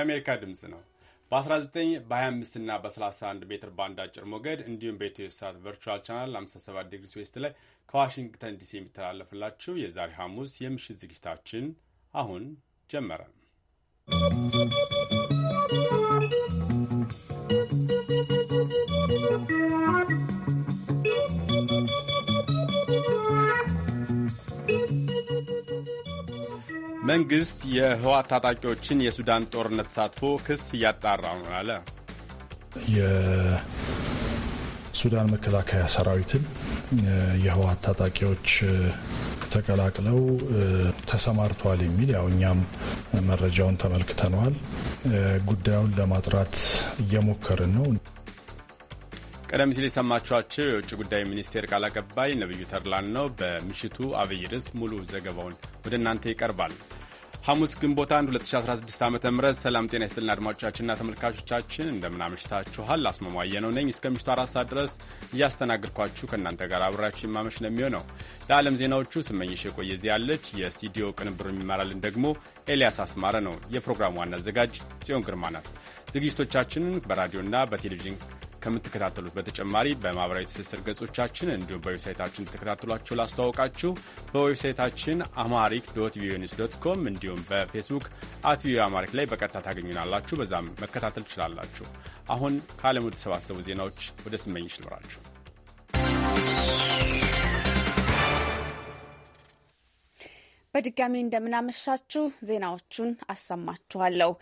የአሜሪካ ድምፅ ነው። በ19 በ25 እና በ31 ሜትር ባንድ አጭር ሞገድ እንዲሁም በኢትዮ ሳት ቨርቹዋል ቻናል 57 ዲግሪ ስዌስት ላይ ከዋሽንግተን ዲሲ የሚተላለፍላችሁ የዛሬ ሐሙስ የምሽት ዝግጅታችን አሁን ጀመረ። መንግሥት የህወሓት ታጣቂዎችን የሱዳን ጦርነት ተሳትፎ ክስ እያጣራ ነው አለ። የሱዳን መከላከያ ሰራዊትን የህወሓት ታጣቂዎች ተቀላቅለው ተሰማርተዋል የሚል ያው እኛም መረጃውን ተመልክተነዋል። ጉዳዩን ለማጥራት እየሞከርን ነው። ቀደም ሲል የሰማችኋቸው የውጭ ጉዳይ ሚኒስቴር ቃል አቀባይ ነብዩ ተድላን ነው። በምሽቱ አብይ ርዕስ ሙሉ ዘገባውን ወደ እናንተ ይቀርባል። ሐሙስ ግንቦት 1 2016 ዓ ም ሰላም ጤና ይስጥልን አድማጮቻችንና ተመልካቾቻችን እንደምናመሽታችኋል። አስመሟየ ነው ነኝ እስከ ምሽቱ አራት ሰዓት ድረስ እያስተናግድኳችሁ ከእናንተ ጋር አብራችሁ የማመሽ ነው የሚሆነው። ለዓለም ዜናዎቹ ስመኝሽ የቆየ ዚ ያለች የስቱዲዮ ቅንብሩ የሚመራልን ደግሞ ኤልያስ አስማረ ነው። የፕሮግራሙ ዋና አዘጋጅ ጽዮን ግርማ ናት። ዝግጅቶቻችንን በራዲዮና በቴሌቪዥን ከምትከታተሉት በተጨማሪ በማህበራዊ ትስስር ገጾቻችን እንዲሁም በዌብሳይታችን ተከታተሏቸው ላስተዋወቃችሁ። በዌብሳይታችን አማሪክ ዶት ቪኦኤ ኒውስ ዶት ኮም እንዲሁም በፌስቡክ አት ቪኦኤ አማሪክ ላይ በቀጥታ ታገኙናላችሁ። በዛም መከታተል ትችላላችሁ። አሁን ከዓለም ወደ ዜናዎች ወደ ስመኝሽ ልምራችሁ። በድጋሚ እንደምናመሻችሁ ዜናዎቹን አሰማችኋለሁ።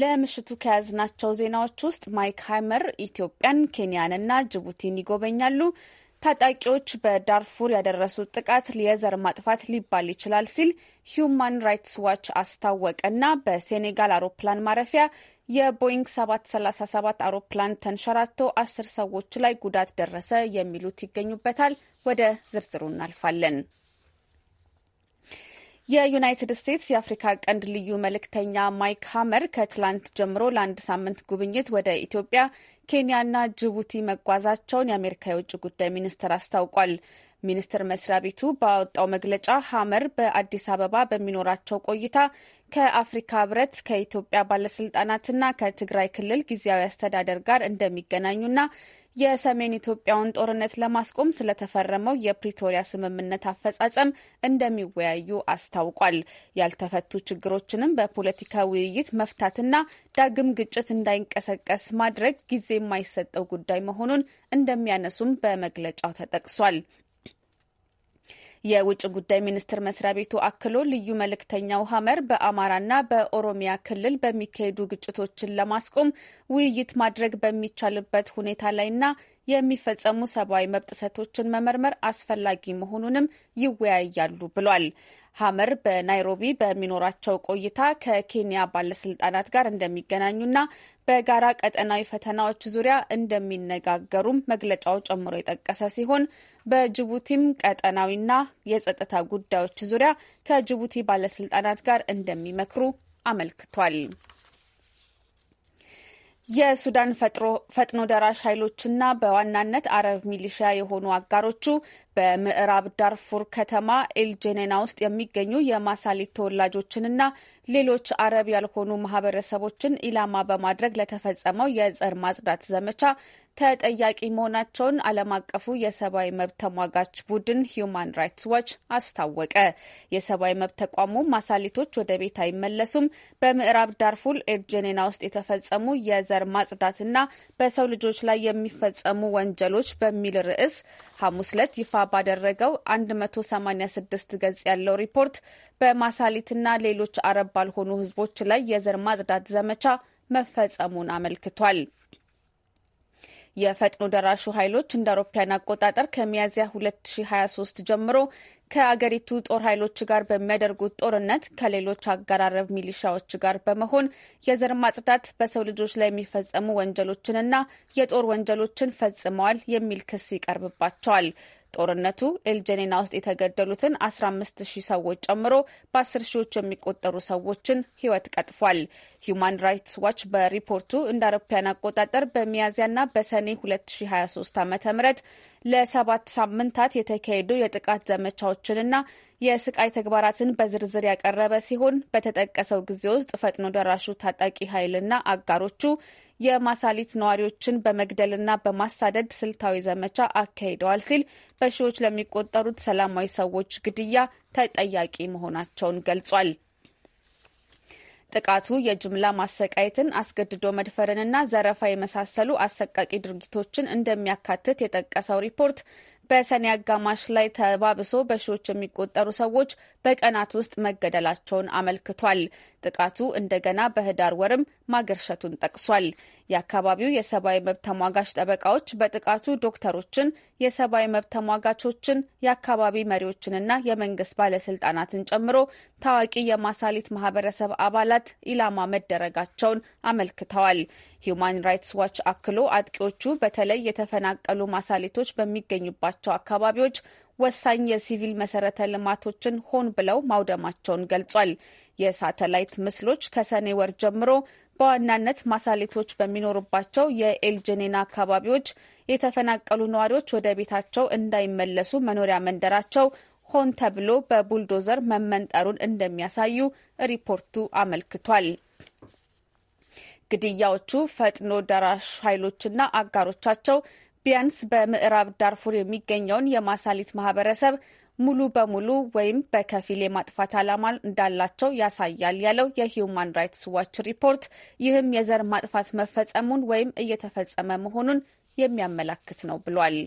ለምሽቱ ከያዝናቸው ዜናዎች ውስጥ ማይክ ሃይመር ኢትዮጵያን፣ ኬንያንና ጅቡቲን ይጎበኛሉ። ታጣቂዎች በዳርፉር ያደረሱት ጥቃት የዘር ማጥፋት ሊባል ይችላል ሲል ሂዩማን ራይትስ ዋች አስታወቀ እና በሴኔጋል አውሮፕላን ማረፊያ የቦይንግ 737 አውሮፕላን ተንሸራቶ አስር ሰዎች ላይ ጉዳት ደረሰ የሚሉት ይገኙበታል። ወደ ዝርዝሩ እናልፋለን። የዩናይትድ ስቴትስ የአፍሪካ ቀንድ ልዩ መልእክተኛ ማይክ ሀመር ከትላንት ጀምሮ ለአንድ ሳምንት ጉብኝት ወደ ኢትዮጵያ፣ ኬንያና ጅቡቲ መጓዛቸውን የአሜሪካ የውጭ ጉዳይ ሚኒስቴር አስታውቋል። ሚኒስትር መስሪያ ቤቱ ባወጣው መግለጫ ሀመር በአዲስ አበባ በሚኖራቸው ቆይታ ከአፍሪካ ህብረት፣ ከኢትዮጵያ ባለስልጣናትና ከትግራይ ክልል ጊዜያዊ አስተዳደር ጋር እንደሚገናኙና የሰሜን ኢትዮጵያውን ጦርነት ለማስቆም ስለተፈረመው የፕሪቶሪያ ስምምነት አፈጻጸም እንደሚወያዩ አስታውቋል። ያልተፈቱ ችግሮችንም በፖለቲካ ውይይት መፍታትና ዳግም ግጭት እንዳይንቀሰቀስ ማድረግ ጊዜ የማይሰጠው ጉዳይ መሆኑን እንደሚያነሱም በመግለጫው ተጠቅሷል። የውጭ ጉዳይ ሚኒስቴር መስሪያ ቤቱ አክሎ ልዩ መልእክተኛው ሀመር በአማራና በኦሮሚያ ክልል በሚካሄዱ ግጭቶችን ለማስቆም ውይይት ማድረግ በሚቻልበት ሁኔታ ላይና የሚፈጸሙ ሰብአዊ መብት ጥሰቶችን መመርመር አስፈላጊ መሆኑንም ይወያያሉ ብሏል። ሀመር በናይሮቢ በሚኖራቸው ቆይታ ከኬንያ ባለስልጣናት ጋር እንደሚገናኙና በጋራ ቀጠናዊ ፈተናዎች ዙሪያ እንደሚነጋገሩም መግለጫው ጨምሮ የጠቀሰ ሲሆን በጅቡቲም ቀጠናዊና የጸጥታ ጉዳዮች ዙሪያ ከጅቡቲ ባለስልጣናት ጋር እንደሚመክሩ አመልክቷል። የሱዳን ፈጥኖ ደራሽ ኃይሎችና በዋናነት አረብ ሚሊሺያ የሆኑ አጋሮቹ በምዕራብ ዳርፉር ከተማ ኤልጀኔና ውስጥ የሚገኙ የማሳሊት ተወላጆችንና ሌሎች አረብ ያልሆኑ ማህበረሰቦችን ኢላማ በማድረግ ለተፈጸመው የዘር ማጽዳት ዘመቻ ተጠያቂ መሆናቸውን ዓለም አቀፉ የሰብአዊ መብት ተሟጋች ቡድን ሂዩማን ራይትስ ዋች አስታወቀ። የሰብአዊ መብት ተቋሙ ማሳሊቶች ወደ ቤት አይመለሱም፣ በምዕራብ ዳርፉል ኤርጀኔና ውስጥ የተፈጸሙ የዘር ማጽዳትና በሰው ልጆች ላይ የሚፈጸሙ ወንጀሎች በሚል ርዕስ ሐሙስ ዕለት ይፋ ባደረገው 186 ገጽ ያለው ሪፖርት በማሳሊትና ሌሎች አረብ ባልሆኑ ህዝቦች ላይ የዘር ማጽዳት ዘመቻ መፈጸሙን አመልክቷል። የፈጥኖ ደራሹ ኃይሎች እንደ አውሮፓውያን አቆጣጠር ከሚያዝያ 2023 ጀምሮ ከአገሪቱ ጦር ኃይሎች ጋር በሚያደርጉት ጦርነት ከሌሎች አገራረብ ሚሊሻዎች ጋር በመሆን የዘር ማጽዳት፣ በሰው ልጆች ላይ የሚፈጸሙ ወንጀሎችንና የጦር ወንጀሎችን ፈጽመዋል የሚል ክስ ይቀርብባቸዋል። ጦርነቱ ኤልጀኔና ውስጥ የተገደሉትን 15 ሰዎች ጨምሮ በ10 ሺዎች የሚቆጠሩ ሰዎችን ሕይወት ቀጥፏል። ሂዩማን ራይትስ ዋች በሪፖርቱ እንደ አውሮፓውያን አቆጣጠር በሚያዝያና በሰኔ 2023 ዓ ም ለሰባት ሳምንታት የተካሄዱ የጥቃት ዘመቻዎችንና የስቃይ ተግባራትን በዝርዝር ያቀረበ ሲሆን በተጠቀሰው ጊዜ ውስጥ ፈጥኖ ደራሹ ታጣቂ ኃይልና አጋሮቹ የማሳሊት ነዋሪዎችን በመግደልና በማሳደድ ስልታዊ ዘመቻ አካሂደዋል ሲል በሺዎች ለሚቆጠሩት ሰላማዊ ሰዎች ግድያ ተጠያቂ መሆናቸውን ገልጿል። ጥቃቱ የጅምላ ማሰቃየትን፣ አስገድዶ መድፈርንና ዘረፋ የመሳሰሉ አሰቃቂ ድርጊቶችን እንደሚያካትት የጠቀሰው ሪፖርት በሰኔ አጋማሽ ላይ ተባብሶ በሺዎች የሚቆጠሩ ሰዎች በቀናት ውስጥ መገደላቸውን አመልክቷል። ጥቃቱ እንደገና በህዳር ወርም ማገርሸቱን ጠቅሷል። የአካባቢው የሰብአዊ መብት ተሟጋች ጠበቃዎች በጥቃቱ ዶክተሮችን፣ የሰብአዊ መብት ተሟጋቾችን፣ የአካባቢ መሪዎችንና የመንግስት ባለስልጣናትን ጨምሮ ታዋቂ የማሳሊት ማህበረሰብ አባላት ኢላማ መደረጋቸውን አመልክተዋል። ሂዩማን ራይትስ ዋች አክሎ አጥቂዎቹ በተለይ የተፈናቀሉ ማሳሊቶች በሚገኙባቸው አካባቢዎች ወሳኝ የሲቪል መሰረተ ልማቶችን ሆን ብለው ማውደማቸውን ገልጿል። የሳተላይት ምስሎች ከሰኔ ወር ጀምሮ በዋናነት ማሳሌቶች በሚኖሩባቸው የኤልጀኔና አካባቢዎች የተፈናቀሉ ነዋሪዎች ወደ ቤታቸው እንዳይመለሱ መኖሪያ መንደራቸው ሆን ተብሎ በቡልዶዘር መመንጠሩን እንደሚያሳዩ ሪፖርቱ አመልክቷል። ግድያዎቹ ፈጥኖ ደራሽ ኃይሎችና አጋሮቻቸው ቢያንስ በምዕራብ ዳርፉር የሚገኘውን የማሳሊት ማህበረሰብ ሙሉ በሙሉ ወይም በከፊል የማጥፋት ዓላማ እንዳላቸው ያሳያል ያለው የሂዩማን ራይትስ ዋች ሪፖርት ይህም የዘር ማጥፋት መፈጸሙን ወይም እየተፈጸመ መሆኑን የሚያመላክት ነው ብሏል።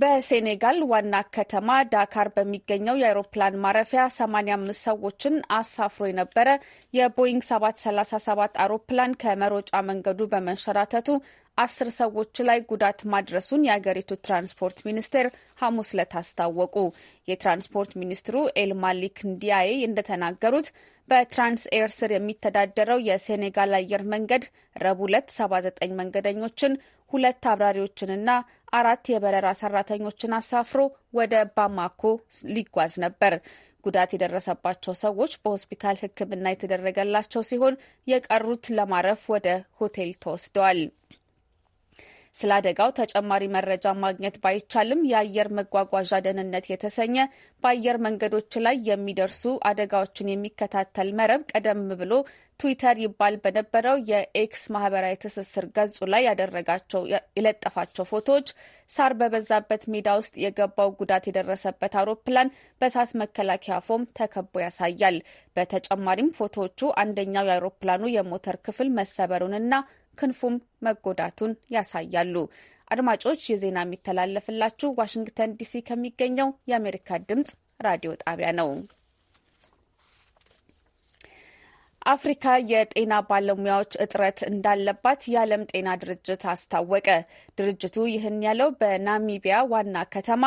በሴኔጋል ዋና ከተማ ዳካር በሚገኘው የአውሮፕላን ማረፊያ 85 ሰዎችን አሳፍሮ የነበረ የቦይንግ 737 አውሮፕላን ከመሮጫ መንገዱ በመንሸራተቱ አስር ሰዎች ላይ ጉዳት ማድረሱን የአገሪቱ ትራንስፖርት ሚኒስቴር ሐሙስ ዕለት አስታወቁ። የትራንስፖርት ሚኒስትሩ ኤልማሊክ እንዲያዬ እንደተናገሩት በትራንስ ኤር ስር የሚተዳደረው የሴኔጋል አየር መንገድ ረቡዕ ዕለት 79 መንገደኞችን ሁለት አብራሪዎችንና አራት የበረራ ሰራተኞችን አሳፍሮ ወደ ባማኮ ሊጓዝ ነበር። ጉዳት የደረሰባቸው ሰዎች በሆስፒታል ሕክምና የተደረገላቸው ሲሆን የቀሩት ለማረፍ ወደ ሆቴል ተወስደዋል። ስለ አደጋው ተጨማሪ መረጃ ማግኘት ባይቻልም የአየር መጓጓዣ ደህንነት የተሰኘ በአየር መንገዶች ላይ የሚደርሱ አደጋዎችን የሚከታተል መረብ ቀደም ብሎ ትዊተር ይባል በነበረው የኤክስ ማህበራዊ ትስስር ገጹ ላይ ያደረጋቸው የለጠፋቸው ፎቶዎች ሳር በበዛበት ሜዳ ውስጥ የገባው ጉዳት የደረሰበት አውሮፕላን በእሳት መከላከያ ፎም ተከቦ ያሳያል። በተጨማሪም ፎቶዎቹ አንደኛው የአውሮፕላኑ የሞተር ክፍል መሰበሩንና ክንፉም መጎዳቱን ያሳያሉ። አድማጮች የዜና ዜና የሚተላለፍላችሁ ዋሽንግተን ዲሲ ከሚገኘው የአሜሪካ ድምጽ ራዲዮ ጣቢያ ነው። አፍሪካ የጤና ባለሙያዎች እጥረት እንዳለባት የዓለም ጤና ድርጅት አስታወቀ። ድርጅቱ ይህን ያለው በናሚቢያ ዋና ከተማ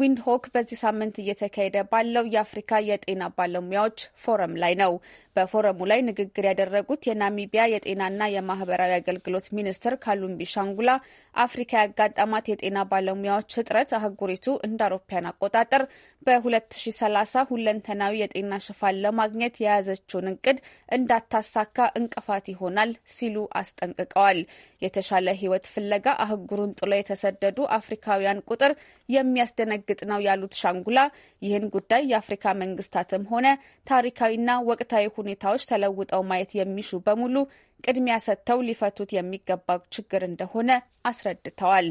ዊንድሆክ በዚህ ሳምንት እየተካሄደ ባለው የአፍሪካ የጤና ባለሙያዎች ፎረም ላይ ነው። በፎረሙ ላይ ንግግር ያደረጉት የናሚቢያ የጤናና የማህበራዊ አገልግሎት ሚኒስትር ካሉምቢ ሻንጉላ አፍሪካ ያጋጠማት የጤና ባለሙያዎች እጥረት አህጉሪቱ እንደ አውሮፓያን አቆጣጠር በ2030 ሁለንተናዊ የጤና ሽፋን ለማግኘት የያዘችውን እቅድ እንዳታሳካ እንቅፋት ይሆናል ሲሉ አስጠንቅቀዋል። የተሻለ ህይወት ፍለጋ አህጉ አህጉሩን ጥሎ የተሰደዱ አፍሪካውያን ቁጥር የሚያስደነግጥ ነው ያሉት ሻንጉላ ይህን ጉዳይ የአፍሪካ መንግስታትም ሆነ ታሪካዊና ወቅታዊ ሁኔታዎች ተለውጠው ማየት የሚሹ በሙሉ ቅድሚያ ሰጥተው ሊፈቱት የሚገባው ችግር እንደሆነ አስረድተዋል።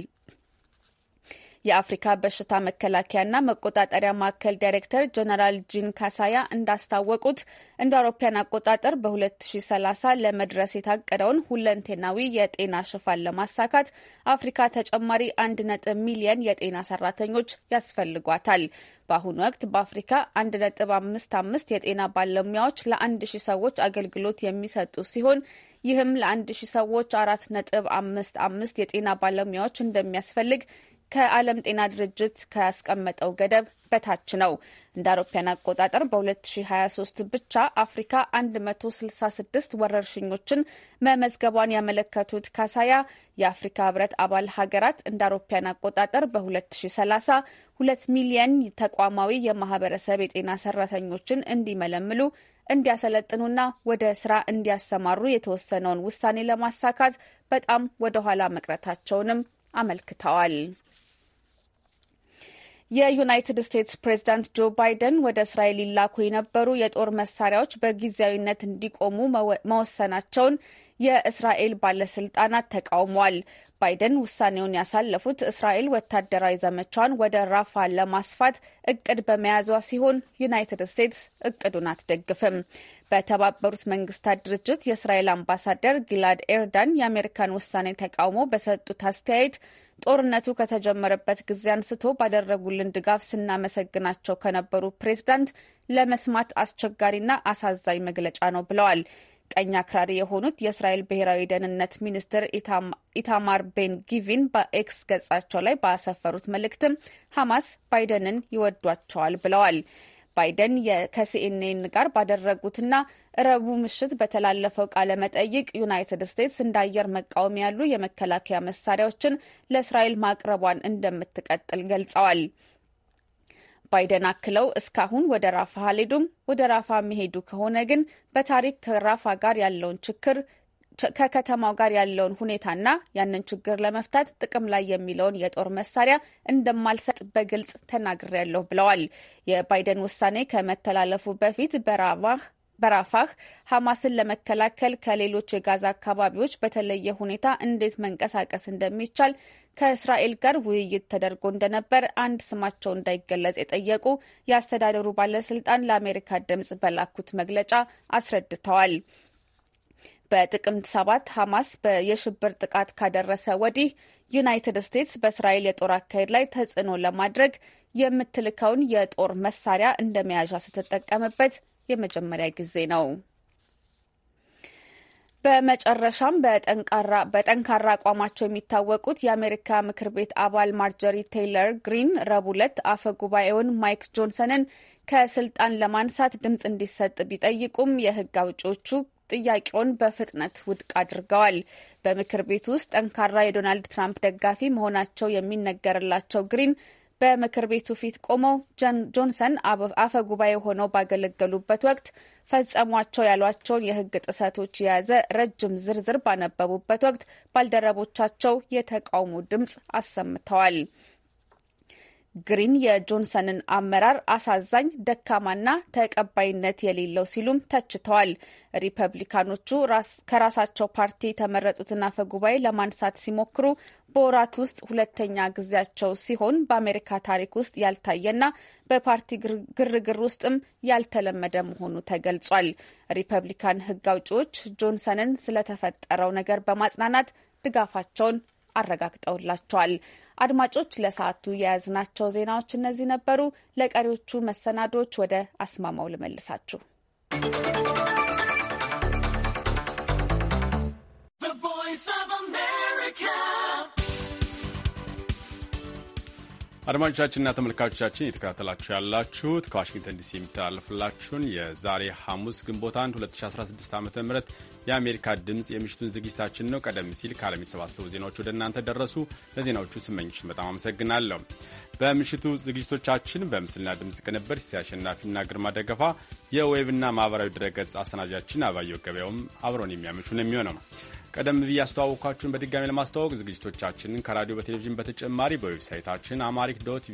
የአፍሪካ በሽታ መከላከያና መቆጣጠሪያ ማዕከል ዳይሬክተር ጀነራል ጂን ካሳያ እንዳስታወቁት እንደ አውሮፓያን አቆጣጠር በ2030 ለመድረስ የታቀደውን ሁለንቴናዊ የጤና ሽፋን ለማሳካት አፍሪካ ተጨማሪ አንድ ነጥብ ሚሊየን የጤና ሰራተኞች ያስፈልጓታል። በአሁኑ ወቅት በአፍሪካ 1.55 የጤና ባለሙያዎች ለ ሺህ ሰዎች አገልግሎት የሚሰጡ ሲሆን ይህም ለ1 ሺህ ሰዎች 4.55 የጤና ባለሙያዎች እንደሚያስፈልግ ከዓለም ጤና ድርጅት ካስቀመጠው ገደብ በታች ነው። እንደ አውሮፓውያን አቆጣጠር በ2023 ብቻ አፍሪካ 166 ወረርሽኞችን መመዝገቧን ያመለከቱት ካሳያ የአፍሪካ ሕብረት አባል ሀገራት እንደ አውሮፓውያን አቆጣጠር በ2030 ሁለት ሚሊየን ተቋማዊ የማህበረሰብ የጤና ሰራተኞችን እንዲመለምሉ እንዲያሰለጥኑና ወደ ስራ እንዲያሰማሩ የተወሰነውን ውሳኔ ለማሳካት በጣም ወደኋላ መቅረታቸውንም አመልክተዋል። የዩናይትድ ስቴትስ ፕሬዝዳንት ጆ ባይደን ወደ እስራኤል ሊላኩ የነበሩ የጦር መሳሪያዎች በጊዜያዊነት እንዲቆሙ መወሰናቸውን የእስራኤል ባለስልጣናት ተቃውሟል። ባይደን ውሳኔውን ያሳለፉት እስራኤል ወታደራዊ ዘመቻዋን ወደ ራፋ ለማስፋት እቅድ በመያዟ ሲሆን ዩናይትድ ስቴትስ እቅዱን አትደግፍም። በተባበሩት መንግስታት ድርጅት የእስራኤል አምባሳደር ጊላድ ኤርዳን የአሜሪካን ውሳኔ ተቃውሞ በሰጡት አስተያየት ጦርነቱ ከተጀመረበት ጊዜ አንስቶ ባደረጉልን ድጋፍ ስናመሰግናቸው ከነበሩ ፕሬዝዳንት ለመስማት አስቸጋሪና አሳዛኝ መግለጫ ነው ብለዋል። ቀኝ አክራሪ የሆኑት የእስራኤል ብሔራዊ ደህንነት ሚኒስትር ኢታማር ቤን ጊቪን በኤክስ ገጻቸው ላይ ባሰፈሩት መልእክትም ሐማስ ባይደንን ይወዷቸዋል ብለዋል። ባይደን ከሲኤንኤን ጋር ባደረጉትና ረቡዕ ምሽት በተላለፈው ቃለ መጠይቅ ዩናይትድ ስቴትስ እንደ አየር መቃወሚያ ያሉ የመከላከያ መሳሪያዎችን ለእስራኤል ማቅረቧን እንደምትቀጥል ገልጸዋል። ባይደን አክለው እስካሁን ወደ ራፋ አልሄዱም፣ ወደ ራፋ የሚሄዱ ከሆነ ግን በታሪክ ከራፋ ጋር ያለውን ችግር ከከተማው ጋር ያለውን ሁኔታና ያንን ችግር ለመፍታት ጥቅም ላይ የሚለውን የጦር መሳሪያ እንደማልሰጥ በግልጽ ተናግሬያለሁ ብለዋል። የባይደን ውሳኔ ከመተላለፉ በፊት በራፋህ በራፋህ ሐማስን ለመከላከል ከሌሎች የጋዛ አካባቢዎች በተለየ ሁኔታ እንዴት መንቀሳቀስ እንደሚቻል ከእስራኤል ጋር ውይይት ተደርጎ እንደነበር አንድ ስማቸው እንዳይገለጽ የጠየቁ የአስተዳደሩ ባለስልጣን ለአሜሪካ ድምጽ በላኩት መግለጫ አስረድተዋል። በጥቅምት ሰባት ሐማስ የሽብር ጥቃት ካደረሰ ወዲህ ዩናይትድ ስቴትስ በእስራኤል የጦር አካሄድ ላይ ተጽዕኖ ለማድረግ የምትልከውን የጦር መሳሪያ እንደ መያዣ ስትጠቀምበት የመጀመሪያ ጊዜ ነው። በመጨረሻም በጠንካራ አቋማቸው የሚታወቁት የአሜሪካ ምክር ቤት አባል ማርጀሪ ቴይለር ግሪን ረቡዕ ዕለት አፈ ጉባኤውን ማይክ ጆንሰንን ከስልጣን ለማንሳት ድምፅ እንዲሰጥ ቢጠይቁም የህግ አውጪዎቹ ጥያቄውን በፍጥነት ውድቅ አድርገዋል። በምክር ቤቱ ውስጥ ጠንካራ የዶናልድ ትራምፕ ደጋፊ መሆናቸው የሚነገርላቸው ግሪን በምክር ቤቱ ፊት ቆመው ጆንሰን አፈ ጉባኤ ሆነው ባገለገሉበት ወቅት ፈጸሟቸው ያሏቸውን የሕግ ጥሰቶች የያዘ ረጅም ዝርዝር ባነበቡበት ወቅት ባልደረቦቻቸው የተቃውሞ ድምፅ አሰምተዋል። ግሪን የጆንሰንን አመራር አሳዛኝ፣ ደካማና ተቀባይነት የሌለው ሲሉም ተችተዋል። ሪፐብሊካኖቹ ከራሳቸው ፓርቲ የተመረጡትን አፈ ጉባኤ ለማንሳት ሲሞክሩ በወራት ውስጥ ሁለተኛ ጊዜያቸው ሲሆን በአሜሪካ ታሪክ ውስጥ ያልታየና በፓርቲ ግርግር ውስጥም ያልተለመደ መሆኑ ተገልጿል። ሪፐብሊካን ሕግ አውጪዎች ጆንሰንን ስለተፈጠረው ነገር በማጽናናት ድጋፋቸውን አረጋግጠውላቸዋል። አድማጮች ለሰዓቱ የያዝናቸው ዜናዎች እነዚህ ነበሩ። ለቀሪዎቹ መሰናዶች ወደ አስማማው ልመልሳችሁ። አድማጮቻችንና ተመልካቾቻችን የተከታተላችሁ ያላችሁት ከዋሽንግተን ዲሲ የሚተላለፍላችሁን የዛሬ ሐሙስ ግንቦት 1 2016 ዓ ም የአሜሪካ ድምፅ የምሽቱን ዝግጅታችን ነው። ቀደም ሲል ከዓለም የተሰባሰቡ ዜናዎች ወደ እናንተ ደረሱ። ለዜናዎቹ ስመኝሽን በጣም አመሰግናለሁ። በምሽቱ ዝግጅቶቻችን በምስልና ድምፅ ቅንብር ሲሲ አሸናፊና ግርማ ደገፋ፣ የዌብና ማኅበራዊ ድረገጽ አሰናጃችን አባየው ገበያውም አብረውን የሚያመሹ ነው የሚሆነው ቀደም ብዬ ያስተዋወቅኳችሁን በድጋሚ ለማስተዋወቅ ዝግጅቶቻችንን ከራዲዮ በቴሌቪዥን በተጨማሪ በዌብሳይታችን አማሪክ ዶት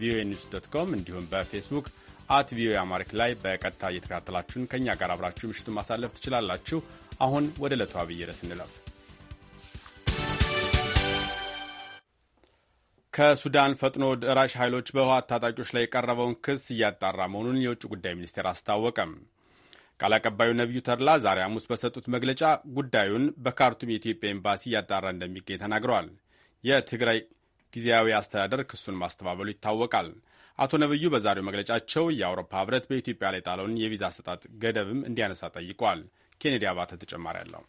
ቪኦኤ ኒውስ ዶት ኮም እንዲሁም በፌስቡክ አት ቪኦኤ አማሪክ ላይ በቀጥታ እየተከታተላችሁን ከእኛ ጋር አብራችሁ ምሽቱን ማሳለፍ ትችላላችሁ። አሁን ወደ ዕለቱ አብይ ርዕስ እንለፍ። ከሱዳን ፈጥኖ ደራሽ ኃይሎች በህወሓት ታጣቂዎች ላይ የቀረበውን ክስ እያጣራ መሆኑን የውጭ ጉዳይ ሚኒስቴር አስታወቀም። ቃል አቀባዩ ነቢዩ ተድላ ዛሬ ሐሙስ በሰጡት መግለጫ ጉዳዩን በካርቱም የኢትዮጵያ ኤምባሲ እያጣራ እንደሚገኝ ተናግረዋል። የትግራይ ጊዜያዊ አስተዳደር ክሱን ማስተባበሉ ይታወቃል። አቶ ነቢዩ በዛሬው መግለጫቸው የአውሮፓ ህብረት በኢትዮጵያ ላይ ጣለውን የቪዛ አሰጣጥ ገደብም እንዲያነሳ ጠይቋል። ኬኔዲ አባተ ተጨማሪ አለው።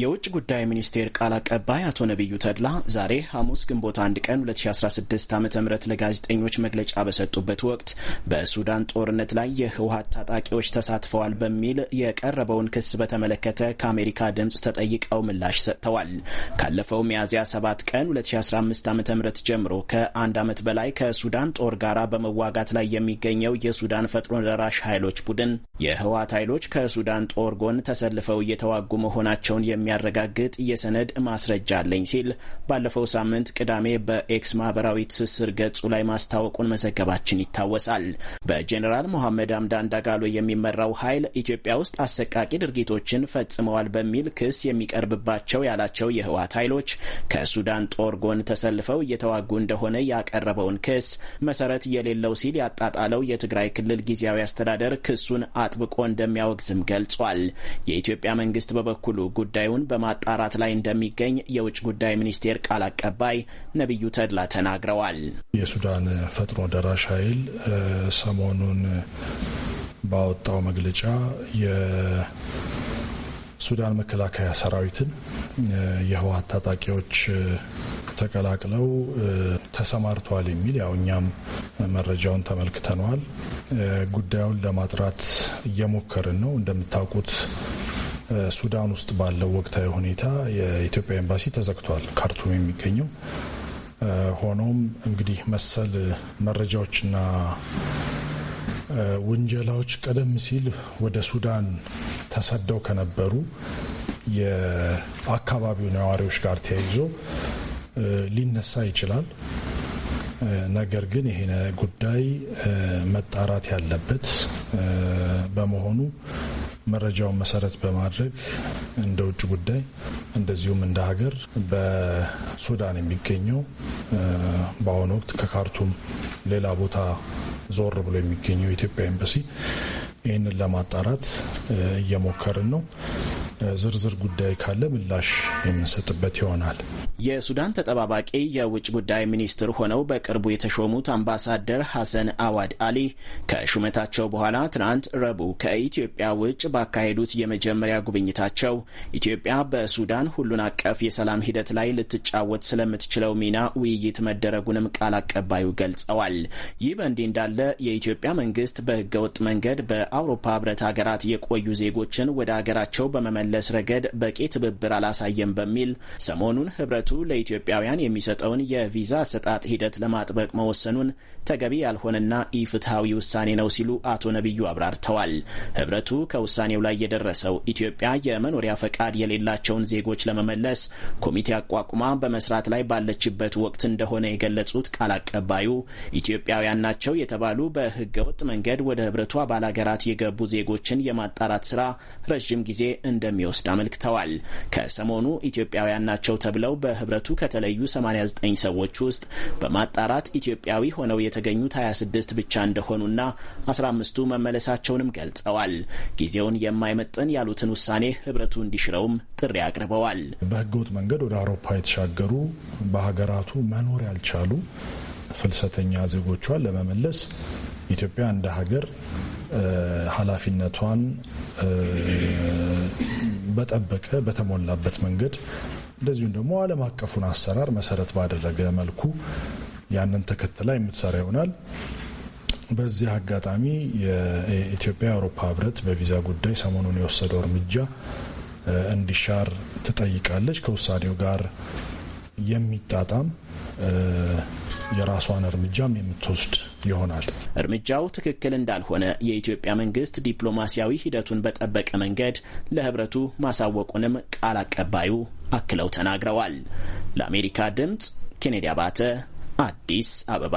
የውጭ ጉዳይ ሚኒስቴር ቃል አቀባይ አቶ ነቢዩ ተድላ ዛሬ ሐሙስ ግንቦት አንድ ቀን 2016 ዓ ም ለጋዜጠኞች መግለጫ በሰጡበት ወቅት በሱዳን ጦርነት ላይ የህወሀት ታጣቂዎች ተሳትፈዋል በሚል የቀረበውን ክስ በተመለከተ ከአሜሪካ ድምፅ ተጠይቀው ምላሽ ሰጥተዋል። ካለፈው ሚያዝያ 7 ቀን 2015 ዓ ም ጀምሮ ከአንድ ዓመት በላይ ከሱዳን ጦር ጋር በመዋጋት ላይ የሚገኘው የሱዳን ፈጥኖ ደራሽ ኃይሎች ቡድን የህወሀት ኃይሎች ከሱዳን ጦር ጎን ተሰልፈው እየተዋጉ መሆናቸውን እንደሚያረጋግጥ የሰነድ ማስረጃ አለኝ ሲል ባለፈው ሳምንት ቅዳሜ በኤክስ ማህበራዊ ትስስር ገጹ ላይ ማስታወቁን መዘገባችን ይታወሳል። በጀኔራል ሞሐመድ አምዳን ዳጋሎ የሚመራው ኃይል ኢትዮጵያ ውስጥ አሰቃቂ ድርጊቶችን ፈጽመዋል በሚል ክስ የሚቀርብባቸው ያላቸው የህወሓት ኃይሎች ከሱዳን ጦር ጎን ተሰልፈው እየተዋጉ እንደሆነ ያቀረበውን ክስ መሰረት የሌለው ሲል ያጣጣለው የትግራይ ክልል ጊዜያዊ አስተዳደር ክሱን አጥብቆ እንደሚያወግዝም ገልጿል። የኢትዮጵያ መንግስት በበኩሉ ጉዳዩ ጉዳዩን በማጣራት ላይ እንደሚገኝ የውጭ ጉዳይ ሚኒስቴር ቃል አቀባይ ነቢዩ ተድላ ተናግረዋል። የሱዳን ፈጥኖ ደራሽ ኃይል ሰሞኑን ባወጣው መግለጫ የሱዳን መከላከያ ሰራዊትን የህወሀት ታጣቂዎች ተቀላቅለው ተሰማርተዋል የሚል ያው እኛም መረጃውን ተመልክተነዋል። ጉዳዩን ለማጥራት እየሞከርን ነው። እንደምታውቁት ሱዳን ውስጥ ባለው ወቅታዊ ሁኔታ የኢትዮጵያ ኤምባሲ ተዘግቷል፣ ካርቱም የሚገኘው። ሆኖም እንግዲህ መሰል መረጃዎችና ውንጀላዎች ቀደም ሲል ወደ ሱዳን ተሰደው ከነበሩ የአካባቢው ነዋሪዎች ጋር ተያይዞ ሊነሳ ይችላል። ነገር ግን ይሄ ጉዳይ መጣራት ያለበት በመሆኑ መረጃውን መሰረት በማድረግ እንደ ውጭ ጉዳይ እንደዚሁም እንደ ሀገር በሱዳን የሚገኘው በአሁኑ ወቅት ከካርቱም ሌላ ቦታ ዞር ብሎ የሚገኘው የኢትዮጵያ ኤምባሲ ይህንን ለማጣራት እየሞከርን ነው። ዝርዝር ጉዳይ ካለ ምላሽ የምንሰጥበት ይሆናል። የሱዳን ተጠባባቂ የውጭ ጉዳይ ሚኒስትር ሆነው በቅርቡ የተሾሙት አምባሳደር ሐሰን አዋድ አሊ ከሹመታቸው በኋላ ትናንት ረቡዕ ከኢትዮጵያ ውጭ ባካሄዱት የመጀመሪያ ጉብኝታቸው ኢትዮጵያ በሱዳን ሁሉን አቀፍ የሰላም ሂደት ላይ ልትጫወት ስለምትችለው ሚና ውይይት መደረጉንም ቃል አቀባዩ ገልጸዋል። ይህ በእንዲህ እንዳለ የኢትዮጵያ መንግስት በህገወጥ መንገድ በ በአውሮፓ ህብረት ሀገራት የቆዩ ዜጎችን ወደ ሀገራቸው በመመለስ ረገድ በቂ ትብብር አላሳየም በሚል ሰሞኑን ህብረቱ ለኢትዮጵያውያን የሚሰጠውን የቪዛ አሰጣጥ ሂደት ለማጥበቅ መወሰኑን ተገቢ ያልሆነና ኢፍትሐዊ ውሳኔ ነው ሲሉ አቶ ነቢዩ አብራርተዋል። ህብረቱ ከውሳኔው ላይ የደረሰው ኢትዮጵያ የመኖሪያ ፈቃድ የሌላቸውን ዜጎች ለመመለስ ኮሚቴ አቋቁማ በመስራት ላይ ባለችበት ወቅት እንደሆነ የገለጹት ቃል አቀባዩ ኢትዮጵያውያን ናቸው የተባሉ በህገወጥ መንገድ ወደ ህብረቱ አባል ሀገራት ለመስራት የገቡ ዜጎችን የማጣራት ስራ ረዥም ጊዜ እንደሚወስድ አመልክተዋል። ከሰሞኑ ኢትዮጵያውያን ናቸው ተብለው በህብረቱ ከተለዩ 89 ሰዎች ውስጥ በማጣራት ኢትዮጵያዊ ሆነው የተገኙት 26 ብቻ እንደሆኑና 15ቱ መመለሳቸውንም ገልጸዋል። ጊዜውን የማይመጥን ያሉትን ውሳኔ ህብረቱ እንዲሽረውም ጥሪ አቅርበዋል። በህገወጥ መንገድ ወደ አውሮፓ የተሻገሩ በሀገራቱ መኖር ያልቻሉ ፍልሰተኛ ዜጎቿን ለመመለስ ኢትዮጵያ እንደ ሀገር ኃላፊነቷን በጠበቀ በተሞላበት መንገድ እንደዚሁም ደግሞ ዓለም አቀፉን አሰራር መሰረት ባደረገ መልኩ ያንን ተከትላ የምትሰራ ይሆናል። በዚህ አጋጣሚ የኢትዮጵያ የአውሮፓ ህብረት በቪዛ ጉዳይ ሰሞኑን የወሰደው እርምጃ እንዲሻር ትጠይቃለች። ከውሳኔው ጋር የሚጣጣም የራሷን እርምጃም የምትወስድ ይሆናል። እርምጃው ትክክል እንዳልሆነ የኢትዮጵያ መንግስት ዲፕሎማሲያዊ ሂደቱን በጠበቀ መንገድ ለህብረቱ ማሳወቁንም ቃል አቀባዩ አክለው ተናግረዋል። ለአሜሪካ ድምጽ ኬኔዲ አባተ አዲስ አበባ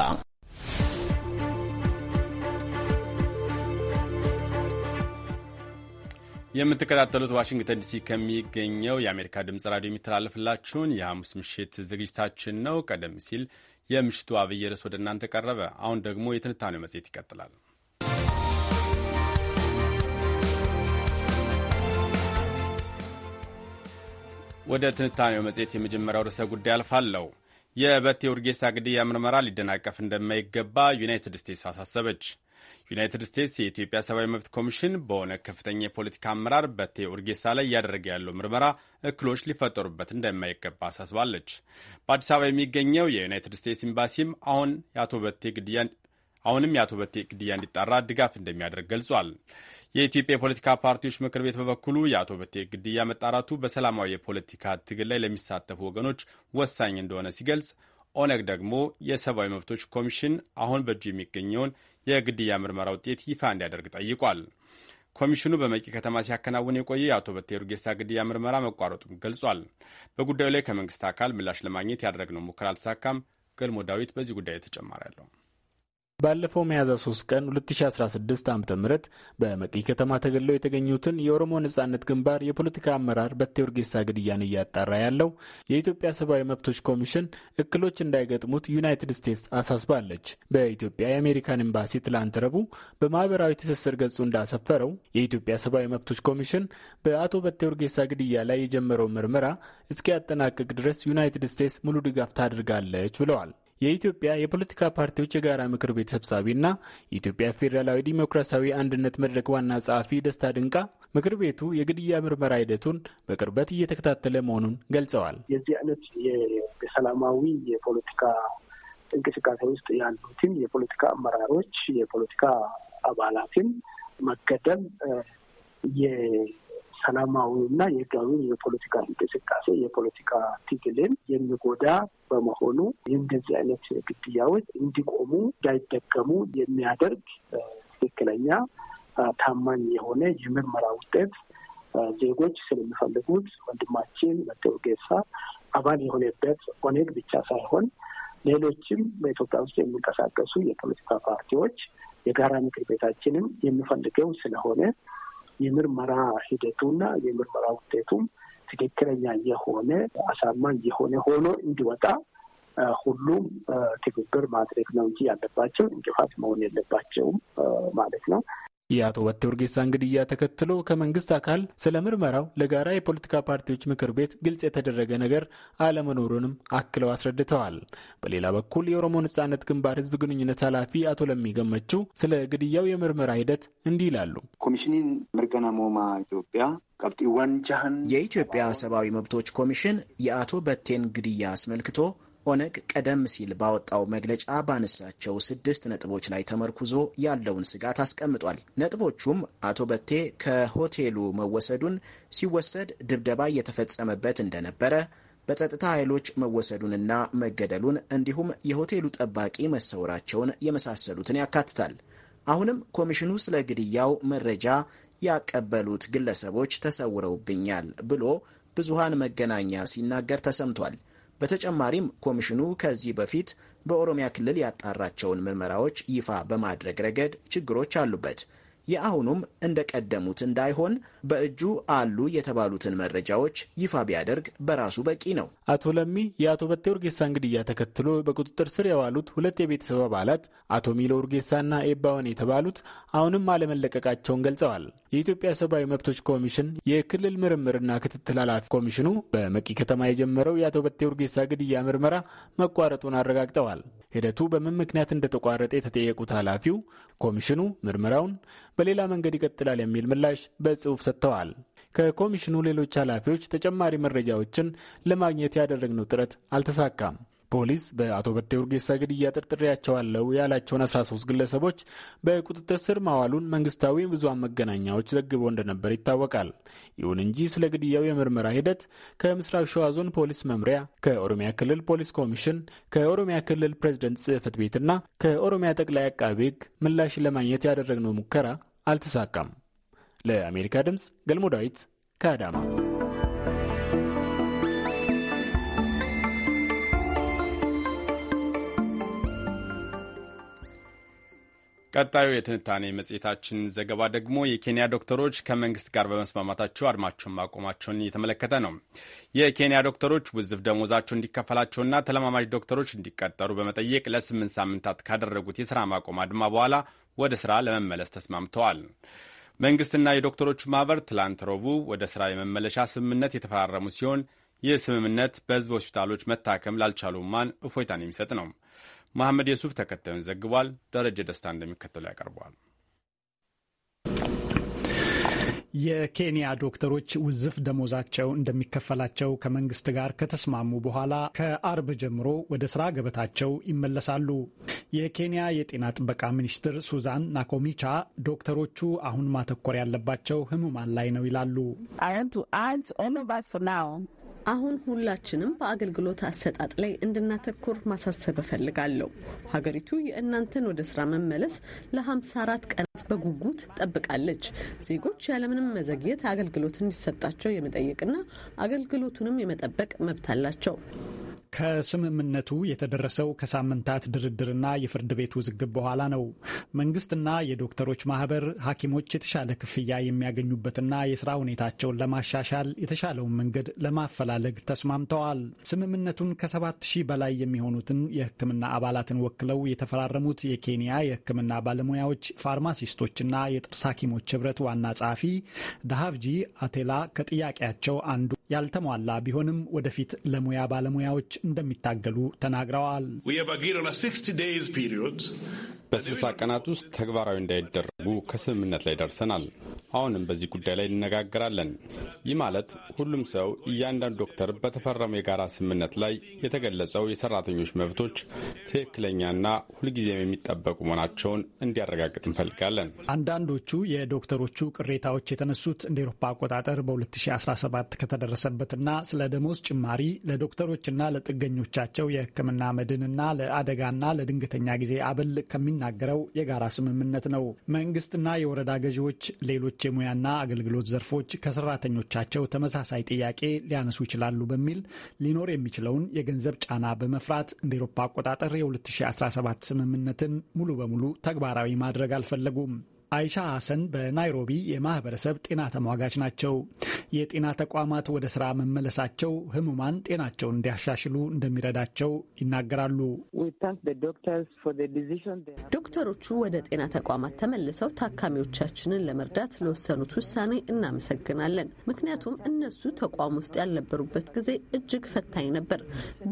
የምትከታተሉት ዋሽንግተን ዲሲ ከሚገኘው የአሜሪካ ድምፅ ራዲዮ የሚተላለፍላችሁን የሐሙስ ምሽት ዝግጅታችን ነው። ቀደም ሲል የምሽቱ አብይ ርዕስ ወደ እናንተ ቀረበ። አሁን ደግሞ የትንታኔው መጽሔት ይቀጥላል። ወደ ትንታኔው መጽሔት የመጀመሪያው ርዕሰ ጉዳይ አልፋለሁ። የበቴ ኡርጌሳ ግድያ ምርመራ ሊደናቀፍ እንደማይገባ ዩናይትድ ስቴትስ አሳሰበች። ዩናይትድ ስቴትስ የኢትዮጵያ ሰብአዊ መብት ኮሚሽን በሆነ ከፍተኛ የፖለቲካ አመራር በቴ ኡርጌሳ ላይ እያደረገ ያለው ምርመራ እክሎች ሊፈጠሩበት እንደማይገባ አሳስባለች። በአዲስ አበባ የሚገኘው የዩናይትድ ስቴትስ ኤምባሲም አሁን የአቶ በቴ ግድያ አሁንም የአቶ በቴ ግድያ እንዲጣራ ድጋፍ እንደሚያደርግ ገልጿል። የኢትዮጵያ የፖለቲካ ፓርቲዎች ምክር ቤት በበኩሉ የአቶ በቴ ግድያ መጣራቱ በሰላማዊ የፖለቲካ ትግል ላይ ለሚሳተፉ ወገኖች ወሳኝ እንደሆነ ሲገልጽ፣ ኦነግ ደግሞ የሰብአዊ መብቶች ኮሚሽን አሁን በእጁ የሚገኘውን የግድያ ምርመራ ውጤት ይፋ እንዲያደርግ ጠይቋል። ኮሚሽኑ በመቂ ከተማ ሲያከናውን የቆየ የአቶ በቴ ሩጌሳ ግድያ ምርመራ መቋረጡም ገልጿል። በጉዳዩ ላይ ከመንግስት አካል ምላሽ ለማግኘት ያደረግነው ሙከራ አልተሳካም። ገልሞ ዳዊት በዚህ ጉዳይ ተጨማሪ ያለው ባለፈው መያዛ 3 ቀን 2016 ዓ ም በመቂ ከተማ ተገለው የተገኙትን የኦሮሞ ነጻነት ግንባር የፖለቲካ አመራር በቴ ኡርጌሳ ግድያን እያጣራ ያለው የኢትዮጵያ ሰብአዊ መብቶች ኮሚሽን እክሎች እንዳይገጥሙት ዩናይትድ ስቴትስ አሳስባለች። በኢትዮጵያ የአሜሪካን ኤምባሲ ትላንት ረቡዕ በማህበራዊ ትስስር ገጹ እንዳሰፈረው የኢትዮጵያ ሰብአዊ መብቶች ኮሚሽን በአቶ በቴ ኡርጌሳ ግድያ ላይ የጀመረው ምርመራ እስኪያጠናቅቅ ድረስ ዩናይትድ ስቴትስ ሙሉ ድጋፍ ታደርጋለች ብለዋል። የኢትዮጵያ የፖለቲካ ፓርቲዎች የጋራ ምክር ቤት ሰብሳቢና የኢትዮጵያ ፌዴራላዊ ዲሞክራሲያዊ አንድነት መድረክ ዋና ጸሐፊ ደስታ ድንቃ ምክር ቤቱ የግድያ ምርመራ ሂደቱን በቅርበት እየተከታተለ መሆኑን ገልጸዋል። የዚህ አይነት የሰላማዊ የፖለቲካ እንቅስቃሴ ውስጥ ያሉትን የፖለቲካ አመራሮች፣ የፖለቲካ አባላትን መገደል ሰላማዊና የህጋዊ የፖለቲካ እንቅስቃሴ የፖለቲካ ትግልን የሚጎዳ በመሆኑ የእንደዚህ አይነት ግድያዎች እንዲቆሙ እንዳይደገሙ የሚያደርግ ትክክለኛ ታማኝ የሆነ የምርመራ ውጤት ዜጎች ስለሚፈልጉት ወንድማችን ጌሳ አባል የሆነበት ኦኔግ ብቻ ሳይሆን ሌሎችም በኢትዮጵያ ውስጥ የሚንቀሳቀሱ የፖለቲካ ፓርቲዎች የጋራ ምክር ቤታችንም የሚፈልገው ስለሆነ የምርመራ ሂደቱና የምርመራ ውጤቱም ትክክለኛ የሆነ አሳማኝ የሆነ ሆኖ እንዲወጣ ሁሉም ትብብር ማድረግ ነው እንጂ ያለባቸው እንቅፋት መሆን የለባቸውም ማለት ነው። የአቶ ወቴ ወርጌሳ እንግድያ ተከትሎ ከመንግስት አካል ስለ ምርመራው ለጋራ የፖለቲካ ፓርቲዎች ምክር ቤት ግልጽ የተደረገ ነገር አለመኖሩንም አክለው አስረድተዋል። በሌላ በኩል የኦሮሞ ነጻነት ግንባር ህዝብ ግንኙነት ኃላፊ አቶ ለሚገመቹ ስለ ግድያው የምርመራ ሂደት እንዲህ ይላሉ። ኮሚሽኒን ሞማ ኢትዮጵያ ቀብጢ ጃህን የኢትዮጵያ ሰብአዊ መብቶች ኮሚሽን የአቶ በቴን ግድያ አስመልክቶ ኦነግ ቀደም ሲል ባወጣው መግለጫ ባነሳቸው ስድስት ነጥቦች ላይ ተመርኩዞ ያለውን ስጋት አስቀምጧል። ነጥቦቹም አቶ በቴ ከሆቴሉ መወሰዱን፣ ሲወሰድ ድብደባ እየተፈጸመበት እንደነበረ በጸጥታ ኃይሎች መወሰዱንና መገደሉን እንዲሁም የሆቴሉ ጠባቂ መሰወራቸውን የመሳሰሉትን ያካትታል። አሁንም ኮሚሽኑ ስለ ግድያው መረጃ ያቀበሉት ግለሰቦች ተሰውረውብኛል ብሎ ብዙሃን መገናኛ ሲናገር ተሰምቷል። በተጨማሪም ኮሚሽኑ ከዚህ በፊት በኦሮሚያ ክልል ያጣራቸውን ምርመራዎች ይፋ በማድረግ ረገድ ችግሮች አሉበት። የአሁኑም እንደቀደሙት እንዳይሆን በእጁ አሉ የተባሉትን መረጃዎች ይፋ ቢያደርግ በራሱ በቂ ነው። አቶ ለሚ የአቶ በቴ ኡርጌሳን ግድያ ተከትሎ በቁጥጥር ስር የዋሉት ሁለት የቤተሰብ አባላት አቶ ሚሎ ኡርጌሳና ኤባወን የተባሉት አሁንም አለመለቀቃቸውን ገልጸዋል። የኢትዮጵያ ሰብአዊ መብቶች ኮሚሽን የክልል ምርምርና ክትትል ኃላፊ ኮሚሽኑ በመቂ ከተማ የጀመረው የአቶ በቴ ኡርጌሳ ግድያ ምርመራ መቋረጡን አረጋግጠዋል። ሂደቱ በምን ምክንያት እንደተቋረጠ የተጠየቁት ኃላፊው ኮሚሽኑ ምርመራውን በሌላ መንገድ ይቀጥላል የሚል ምላሽ በጽሑፍ ሰጥተዋል። ከኮሚሽኑ ሌሎች ኃላፊዎች ተጨማሪ መረጃዎችን ለማግኘት ያደረግነው ጥረት አልተሳካም። ፖሊስ በአቶ በቴ ኡርጌሳ ግድያ ጠርጥሬያቸዋለሁ ያላቸውን 13 ግለሰቦች በቁጥጥር ስር ማዋሉን መንግስታዊ ብዙሃን መገናኛዎች ዘግበው እንደነበር ይታወቃል። ይሁን እንጂ ስለ ግድያው የምርመራ ሂደት ከምስራቅ ሸዋ ዞን ፖሊስ መምሪያ፣ ከኦሮሚያ ክልል ፖሊስ ኮሚሽን፣ ከኦሮሚያ ክልል ፕሬዝደንት ጽህፈት ቤትና ከኦሮሚያ ጠቅላይ አቃቤ ህግ ምላሽ ለማግኘት ያደረግነው ሙከራ አልተሳካም። ለአሜሪካ ድምፅ ገልሞ ዳዊት ከአዳማ ቀጣዩ የትንታኔ መጽሔታችን ዘገባ ደግሞ የኬንያ ዶክተሮች ከመንግስት ጋር በመስማማታቸው አድማቸውን ማቆማቸውን እየተመለከተ ነው። የኬንያ ዶክተሮች ውዝፍ ደሞዛቸው እንዲከፈላቸውና ተለማማጅ ዶክተሮች እንዲቀጠሩ በመጠየቅ ለስምንት ሳምንታት ካደረጉት የስራ ማቆም አድማ በኋላ ወደ ስራ ለመመለስ ተስማምተዋል። መንግስትና የዶክተሮቹ ማህበር ትላንት ረቡዕ ወደ ሥራ የመመለሻ ስምምነት የተፈራረሙ ሲሆን ይህ ስምምነት በህዝብ ሆስፒታሎች መታከም ላልቻሉ ማን እፎይታን የሚሰጥ ነው። መሐመድ የሱፍ ተከታዩን ዘግቧል። ደረጀ ደስታ እንደሚከተለው ያቀርበዋል። የኬንያ ዶክተሮች ውዝፍ ደሞዛቸው እንደሚከፈላቸው ከመንግስት ጋር ከተስማሙ በኋላ ከአርብ ጀምሮ ወደ ስራ ገበታቸው ይመለሳሉ። የኬንያ የጤና ጥበቃ ሚኒስትር ሱዛን ናኮሚቻ ዶክተሮቹ አሁን ማተኮር ያለባቸው ህሙማን ላይ ነው ይላሉ። አሁን ሁላችንም በአገልግሎት አሰጣጥ ላይ እንድናተኩር ማሳሰብ እፈልጋለሁ። ሀገሪቱ የእናንተን ወደ ስራ መመለስ ለ54 ቀናት በጉጉት ጠብቃለች። ዜጎች ያለምንም መዘግየት አገልግሎት እንዲሰጣቸው የመጠየቅና አገልግሎቱንም የመጠበቅ መብት አላቸው። ከስምምነቱ የተደረሰው ከሳምንታት ድርድርና የፍርድ ቤት ውዝግብ በኋላ ነው። መንግስትና የዶክተሮች ማህበር ሐኪሞች የተሻለ ክፍያ የሚያገኙበትና የስራ ሁኔታቸውን ለማሻሻል የተሻለውን መንገድ ለማፈ ለማፈላለግ ተስማምተዋል። ስምምነቱን ከሰባት ሺህ በላይ የሚሆኑትን የሕክምና አባላትን ወክለው የተፈራረሙት የኬንያ የህክምና ባለሙያዎች ፋርማሲስቶችና የጥርስ ሐኪሞች ኅብረት ዋና ጸሐፊ ዳሃቭጂ አቴላ ከጥያቄያቸው አንዱ ያልተሟላ ቢሆንም ወደፊት ለሙያ ባለሙያዎች እንደሚታገሉ ተናግረዋል። በስልሳ ቀናት ውስጥ ተግባራዊ እንዳይደረጉ ከስምምነት ላይ ደርሰናል። አሁንም በዚህ ጉዳይ ላይ እንነጋገራለን። ይህ ማለት ሁሉም ሰው እያንዳንዱ ዶክተር በተፈረመው የጋራ ስምምነት ላይ የተገለጸው የሰራተኞች መብቶች ትክክለኛና ሁልጊዜም የሚጠበቁ መሆናቸውን እንዲያረጋግጥ እንፈልጋለን። አንዳንዶቹ የዶክተሮቹ ቅሬታዎች የተነሱት እንደ ኤሮፓ አቆጣጠር በ2017 ከተደረ እንደደረሰበትና ስለ ደሞዝ ጭማሪ ለዶክተሮችና ለጥገኞቻቸው የሕክምና መድንና ለአደጋና ለድንገተኛ ጊዜ አበል ከሚናገረው የጋራ ስምምነት ነው። መንግስትና የወረዳ ገዢዎች ሌሎች የሙያና አገልግሎት ዘርፎች ከሰራተኞቻቸው ተመሳሳይ ጥያቄ ሊያነሱ ይችላሉ በሚል ሊኖር የሚችለውን የገንዘብ ጫና በመፍራት እንደ ኤሮፓ አቆጣጠር የ2017 ስምምነትን ሙሉ በሙሉ ተግባራዊ ማድረግ አልፈለጉም። አይሻ ሐሰን በናይሮቢ የማህበረሰብ ጤና ተሟጋች ናቸው። የጤና ተቋማት ወደ ስራ መመለሳቸው ህሙማን ጤናቸውን እንዲያሻሽሉ እንደሚረዳቸው ይናገራሉ። ዶክተሮቹ ወደ ጤና ተቋማት ተመልሰው ታካሚዎቻችንን ለመርዳት ለወሰኑት ውሳኔ እናመሰግናለን። ምክንያቱም እነሱ ተቋም ውስጥ ያልነበሩበት ጊዜ እጅግ ፈታኝ ነበር።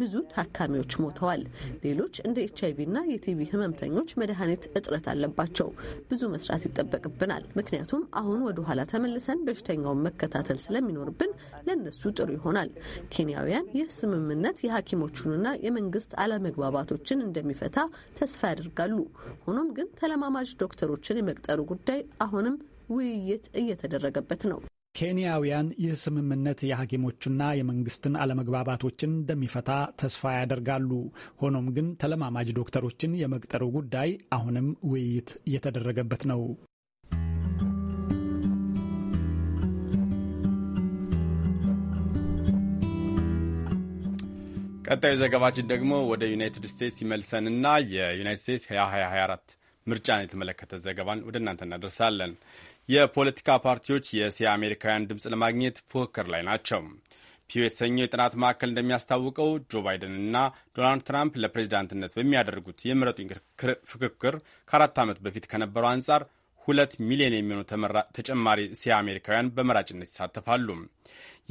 ብዙ ታካሚዎች ሞተዋል። ሌሎች እንደ ኤች አይቪ እና የቲቪ ህመምተኞች መድኃኒት እጥረት አለባቸው። ብዙ መስራት ይጠበቅብናል። ምክንያቱም አሁን ወደ ኋላ ተመልሰን በሽተኛውን መከታተል ስለሚኖርብን ለእነሱ ጥሩ ይሆናል። ኬንያውያን ይህ ስምምነት የሐኪሞቹንና የመንግስት አለመግባባቶችን እንደሚፈታ ተስፋ ያደርጋሉ። ሆኖም ግን ተለማማጅ ዶክተሮችን የመቅጠሩ ጉዳይ አሁንም ውይይት እየተደረገበት ነው። ኬንያውያን ይህ ስምምነት የሐኪሞቹና የመንግስትን አለመግባባቶችን እንደሚፈታ ተስፋ ያደርጋሉ። ሆኖም ግን ተለማማጅ ዶክተሮችን የመቅጠሩ ጉዳይ አሁንም ውይይት እየተደረገበት ነው። ቀጣዩ ዘገባችን ደግሞ ወደ ዩናይትድ ስቴትስ ይመልሰንና የዩናይትድ ስቴትስ የ2024 ምርጫን የተመለከተ ዘገባን ወደ እናንተ እናደርሳለን። የፖለቲካ ፓርቲዎች የእስያ አሜሪካውያን ድምፅ ለማግኘት ፉክክር ላይ ናቸው። ፒው የተሰኘው የጥናት ማዕከል እንደሚያስታውቀው ጆ ባይደንና ዶናልድ ትራምፕ ለፕሬዚዳንትነት በሚያደርጉት የምረጡኝ ፍክክር ከአራት ዓመት በፊት ከነበረው አንጻር ሁለት ሚሊዮን የሚሆኑ ተጨማሪ እስያ አሜሪካውያን በመራጭነት ይሳተፋሉ።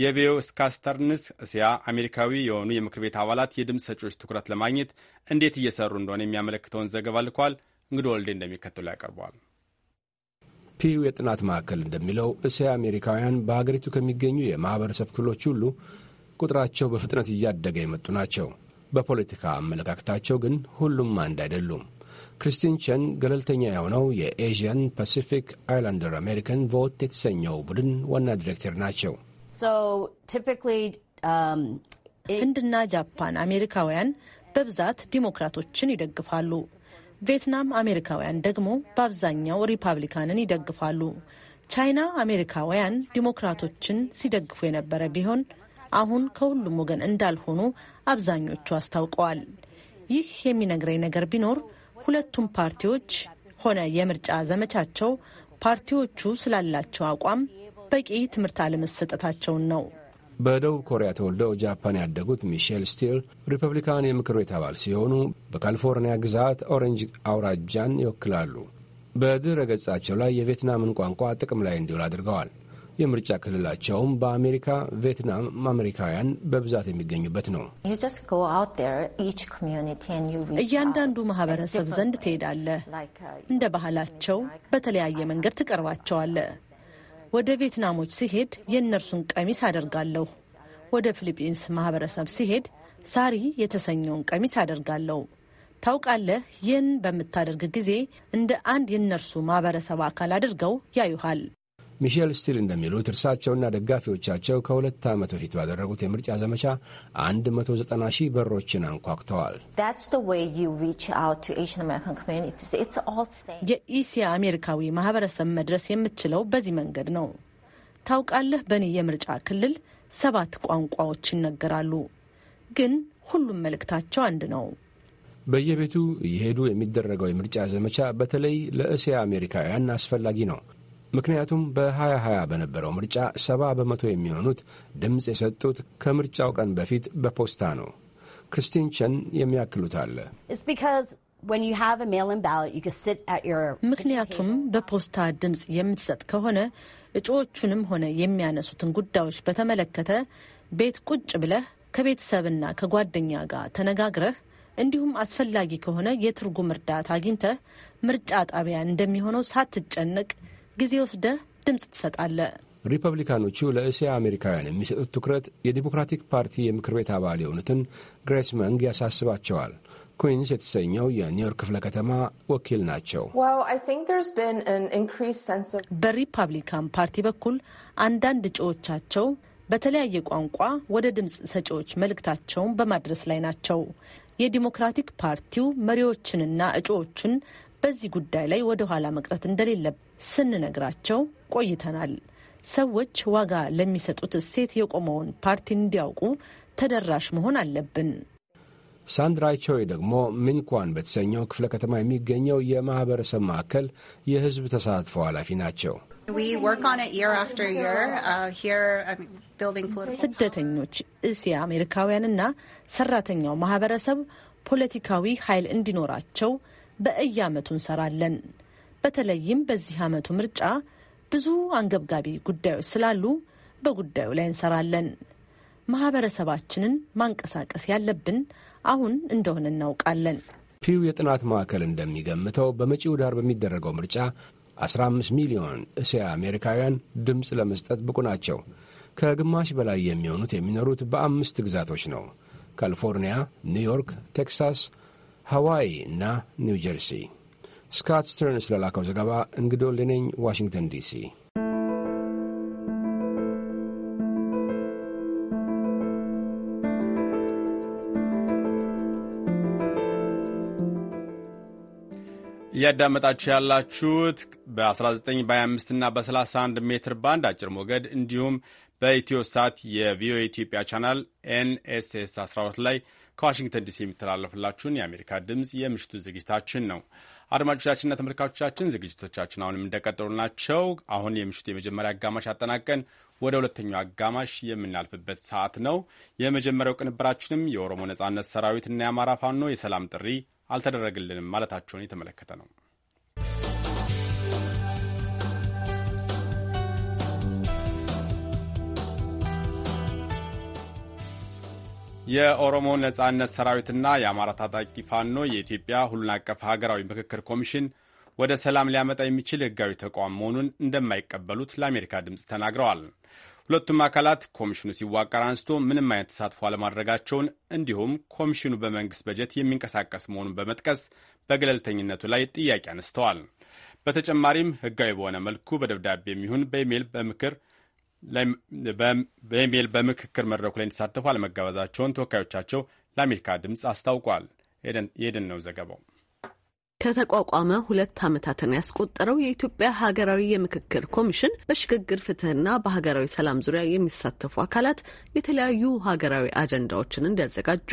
የቪዮ ስካስተርንስ እስያ አሜሪካዊ የሆኑ የምክር ቤት አባላት የድምፅ ሰጪዎች ትኩረት ለማግኘት እንዴት እየሰሩ እንደሆነ የሚያመለክተውን ዘገባ ልኳል። እንግዲህ ወልዴ እንደሚከተሉ ያቀርበዋል። ፒዩ የጥናት ማዕከል እንደሚለው እስያ አሜሪካውያን በሀገሪቱ ከሚገኙ የማኅበረሰብ ክፍሎች ሁሉ ቁጥራቸው በፍጥነት እያደገ የመጡ ናቸው። በፖለቲካ አመለካከታቸው ግን ሁሉም አንድ አይደሉም። ክሪስቲን ቸን ገለልተኛ የሆነው የኤዥያን ፓሲፊክ አይላንደር አሜሪካን ቮት የተሰኘው ቡድን ዋና ዲሬክተር ናቸው። um, ህንድና ጃፓን አሜሪካውያን በብዛት ዲሞክራቶችን ይደግፋሉ። ቪየትናም አሜሪካውያን ደግሞ በአብዛኛው ሪፓብሊካንን ይደግፋሉ። ቻይና አሜሪካውያን ዲሞክራቶችን ሲደግፉ የነበረ ቢሆን አሁን ከሁሉም ወገን እንዳልሆኑ አብዛኞቹ አስታውቀዋል። ይህ የሚነግረኝ ነገር ቢኖር ሁለቱም ፓርቲዎች ሆነ የምርጫ ዘመቻቸው ፓርቲዎቹ ስላላቸው አቋም በቂ ትምህርት አለመሰጠታቸውን ነው። በደቡብ ኮሪያ ተወልደው ጃፓን ያደጉት ሚሼል ስቲል ሪፐብሊካን የምክር ቤት አባል ሲሆኑ በካሊፎርኒያ ግዛት ኦሬንጅ አውራጃን ይወክላሉ። በድረ ገጻቸው ላይ የቪየትናምን ቋንቋ ጥቅም ላይ እንዲውል አድርገዋል። የምርጫ ክልላቸውም በአሜሪካ ቪየትናም አሜሪካውያን በብዛት የሚገኙበት ነው። እያንዳንዱ ማህበረሰብ ዘንድ ትሄዳለህ፣ uh, እንደ ባህላቸው uh, በተለያየ መንገድ ትቀርባቸዋለህ። ወደ ቬትናሞች ሲሄድ የእነርሱን ቀሚስ አደርጋለሁ። ወደ ፊሊፒንስ ማህበረሰብ ሲሄድ ሳሪ የተሰኘውን ቀሚስ አደርጋለሁ። ታውቃለህ፣ ይህን በምታደርግ ጊዜ እንደ አንድ የእነርሱ ማህበረሰብ አካል አድርገው ያዩሃል። ሚሼል ስቲል እንደሚሉት እርሳቸውና ደጋፊዎቻቸው ከሁለት ዓመት በፊት ባደረጉት የምርጫ ዘመቻ 190 ሺህ በሮችን አንኳኩተዋል። የኢሲያ አሜሪካዊ ማህበረሰብ መድረስ የምትችለው በዚህ መንገድ ነው። ታውቃለህ፣ በእኔ የምርጫ ክልል ሰባት ቋንቋዎች ይነገራሉ፣ ግን ሁሉም መልእክታቸው አንድ ነው። በየቤቱ እየሄዱ የሚደረገው የምርጫ ዘመቻ በተለይ ለእስያ አሜሪካውያን አስፈላጊ ነው። ምክንያቱም በ2020 በነበረው ምርጫ 70 በመቶ የሚሆኑት ድምፅ የሰጡት ከምርጫው ቀን በፊት በፖስታ ነው። ክርስቲን ቸን የሚያክሉት አለ። ምክንያቱም በፖስታ ድምፅ የምትሰጥ ከሆነ እጩዎቹንም ሆነ የሚያነሱትን ጉዳዮች በተመለከተ ቤት ቁጭ ብለህ ከቤተሰብና ከጓደኛ ጋር ተነጋግረህ እንዲሁም አስፈላጊ ከሆነ የትርጉም እርዳታ አግኝተህ ምርጫ ጣቢያ እንደሚሆነው ሳትጨነቅ ጊዜ ወስደህ ድምፅ ትሰጣለህ። ሪፐብሊካኖቹ ለእስያ አሜሪካውያን የሚሰጡት ትኩረት የዲሞክራቲክ ፓርቲ የምክር ቤት አባል የሆኑትን ግሬስ መንግ ያሳስባቸዋል። ኩዊንስ የተሰኘው የኒውዮርክ ክፍለ ከተማ ወኪል ናቸው። በሪፐብሊካን ፓርቲ በኩል አንዳንድ እጩዎቻቸው በተለያየ ቋንቋ ወደ ድምፅ ሰጪዎች መልእክታቸውን በማድረስ ላይ ናቸው። የዲሞክራቲክ ፓርቲው መሪዎችንና እጩዎችን በዚህ ጉዳይ ላይ ወደ ኋላ መቅረት እንደሌለበት ስንነግራቸው ቆይተናል። ሰዎች ዋጋ ለሚሰጡት እሴት የቆመውን ፓርቲ እንዲያውቁ ተደራሽ መሆን አለብን። ሳንድራ ቾይ ደግሞ ሚንኳን በተሰኘው ክፍለ ከተማ የሚገኘው የማህበረሰብ ማዕከል የህዝብ ተሳትፎ ኃላፊ ናቸው። uh, ስደተኞች፣ እስያ አሜሪካውያንና ሰራተኛው ማህበረሰብ ፖለቲካዊ ኃይል እንዲኖራቸው በእያመቱ እንሰራለን። በተለይም በዚህ ዓመቱ ምርጫ ብዙ አንገብጋቢ ጉዳዮች ስላሉ በጉዳዩ ላይ እንሰራለን። ማህበረሰባችንን ማንቀሳቀስ ያለብን አሁን እንደሆነ እናውቃለን። ፒው የጥናት ማዕከል እንደሚገምተው በመጪው ዳር በሚደረገው ምርጫ 15 ሚሊዮን እስያ አሜሪካውያን ድምፅ ለመስጠት ብቁ ናቸው። ከግማሽ በላይ የሚሆኑት የሚኖሩት በአምስት ግዛቶች ነው። ካሊፎርኒያ፣ ኒውዮርክ፣ ቴክሳስ፣ ሃዋይ እና ኒው ጀርሲ ስካት ስተርንስ ለላከው ዘገባ እንግዶ ልነኝ ዋሽንግተን ዲሲ። እያዳመጣችሁ ያላችሁት በ19 በ25 እና በ31 ሜትር ባንድ አጭር ሞገድ እንዲሁም በኢትዮ ሳት የቪኦኤ ኢትዮጵያ ቻናል ኤንኤስኤስ 12 ላይ ከዋሽንግተን ዲሲ የሚተላለፍላችሁን የአሜሪካ ድምፅ የምሽቱ ዝግጅታችን ነው። አድማጮቻችንና ተመልካቾቻችን ዝግጅቶቻችን አሁንም እንደቀጠሉ ናቸው። አሁን የምሽቱ የመጀመሪያ አጋማሽ አጠናቀን ወደ ሁለተኛው አጋማሽ የምናልፍበት ሰዓት ነው። የመጀመሪያው ቅንብራችንም የኦሮሞ ነጻነት ሰራዊትና የአማራ ፋኖ የሰላም ጥሪ አልተደረግልንም ማለታቸውን የተመለከተ ነው። የኦሮሞ ነጻነት ሰራዊትና የአማራ ታጣቂ ፋኖ የኢትዮጵያ ሁሉን አቀፍ ሀገራዊ ምክክር ኮሚሽን ወደ ሰላም ሊያመጣ የሚችል ህጋዊ ተቋም መሆኑን እንደማይቀበሉት ለአሜሪካ ድምፅ ተናግረዋል። ሁለቱም አካላት ኮሚሽኑ ሲዋቀር አንስቶ ምንም አይነት ተሳትፎ አለማድረጋቸውን እንዲሁም ኮሚሽኑ በመንግስት በጀት የሚንቀሳቀስ መሆኑን በመጥቀስ በገለልተኝነቱ ላይ ጥያቄ አነስተዋል። በተጨማሪም ህጋዊ በሆነ መልኩ በደብዳቤ የሚሆን በኢሜይል በምክር በኢሜይል በምክክር መድረኩ ላይ እንዲሳተፉ አለመጋበዛቸውን ተወካዮቻቸው ለአሜሪካ ድምፅ አስታውቋል። የደን ነው ዘገባው። ከተቋቋመ ሁለት ዓመታትን ያስቆጠረው የኢትዮጵያ ሀገራዊ የምክክር ኮሚሽን በሽግግር ፍትህና በሀገራዊ ሰላም ዙሪያ የሚሳተፉ አካላት የተለያዩ ሀገራዊ አጀንዳዎችን እንዲያዘጋጁ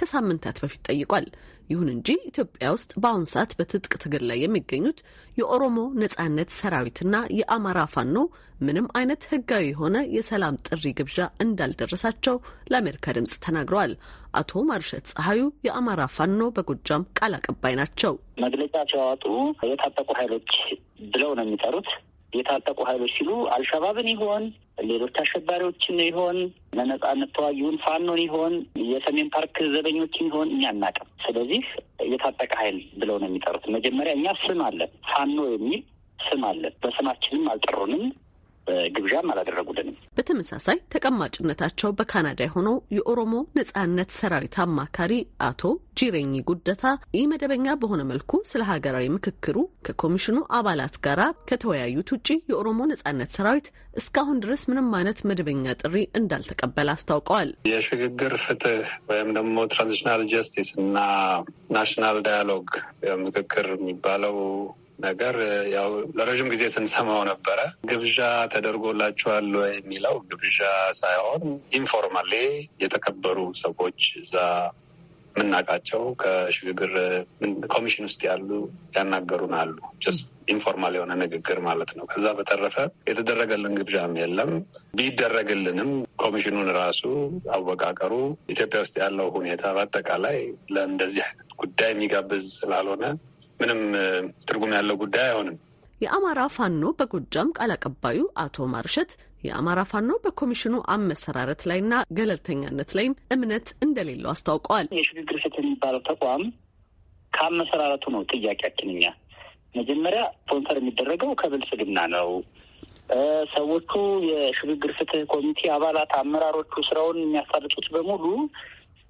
ከሳምንታት በፊት ጠይቋል። ይሁን እንጂ ኢትዮጵያ ውስጥ በአሁን ሰዓት በትጥቅ ትግል ላይ የሚገኙት የኦሮሞ ነጻነት ሰራዊትና የአማራ ፋኖ ምንም አይነት ህጋዊ የሆነ የሰላም ጥሪ ግብዣ እንዳልደረሳቸው ለአሜሪካ ድምጽ ተናግረዋል። አቶ ማርሸት ፀሐዩ የአማራ ፋኖ በጎጃም ቃል አቀባይ ናቸው። መግለጫ ሲያወጡ የታጠቁ ኃይሎች ብለው ነው የሚጠሩት የታጠቁ ሀይሎች ሲሉ አልሸባብን ይሆን ሌሎች አሸባሪዎችን ይሆን ለነጻነት ተዋጊውን ፋኖን ይሆን የሰሜን ፓርክ ዘበኞችን ይሆን እኛ አናውቅም። ስለዚህ የታጠቀ ሀይል ብለው ነው የሚጠሩት። መጀመሪያ እኛ ስም አለን ፋኖ የሚል ስም አለን። በስማችንም አልጠሩንም። ግብዣም አላደረጉልንም። በተመሳሳይ ተቀማጭነታቸው በካናዳ የሆነው የኦሮሞ ነጻነት ሰራዊት አማካሪ አቶ ጂሬኝ ጉደታ ይህ መደበኛ በሆነ መልኩ ስለ ሀገራዊ ምክክሩ ከኮሚሽኑ አባላት ጋር ከተወያዩት ውጭ የኦሮሞ ነጻነት ሰራዊት እስካሁን ድረስ ምንም አይነት መደበኛ ጥሪ እንዳልተቀበለ አስታውቀዋል። የሽግግር ፍትህ ወይም ደግሞ ትራንዚሽናል ጀስቲስ እና ናሽናል ዳያሎግ ምክክር የሚባለው ነገር ያው ለረዥም ጊዜ ስንሰማው ነበረ። ግብዣ ተደርጎላቸዋል የሚለው ግብዣ ሳይሆን ኢንፎርማሌ የተከበሩ ሰዎች እዛ የምናውቃቸው ከሽግግር ኮሚሽን ውስጥ ያሉ ያናገሩን አሉ። ኢንፎርማል የሆነ ንግግር ማለት ነው። ከዛ በተረፈ የተደረገልን ግብዣም የለም። ቢደረግልንም ኮሚሽኑን ራሱ አወቃቀሩ፣ ኢትዮጵያ ውስጥ ያለው ሁኔታ በአጠቃላይ ለእንደዚህ አይነት ጉዳይ የሚጋብዝ ስላልሆነ ምንም ትርጉም ያለው ጉዳይ አይሆንም። የአማራ ፋኖ በጎጃም ቃል አቀባዩ አቶ ማርሸት የአማራ ፋኖ በኮሚሽኑ አመሰራረት ላይና ገለልተኛነት ላይም እምነት እንደሌለው አስታውቀዋል። የሽግግር ፍትህ የሚባለው ተቋም ከአመሰራረቱ ነው ጥያቄያችን። እኛ መጀመሪያ ስፖንሰር የሚደረገው ከብልጽግና ነው። ሰዎቹ የሽግግር ፍትህ ኮሚቴ አባላት፣ አመራሮቹ ስራውን የሚያሳልጡት በሙሉ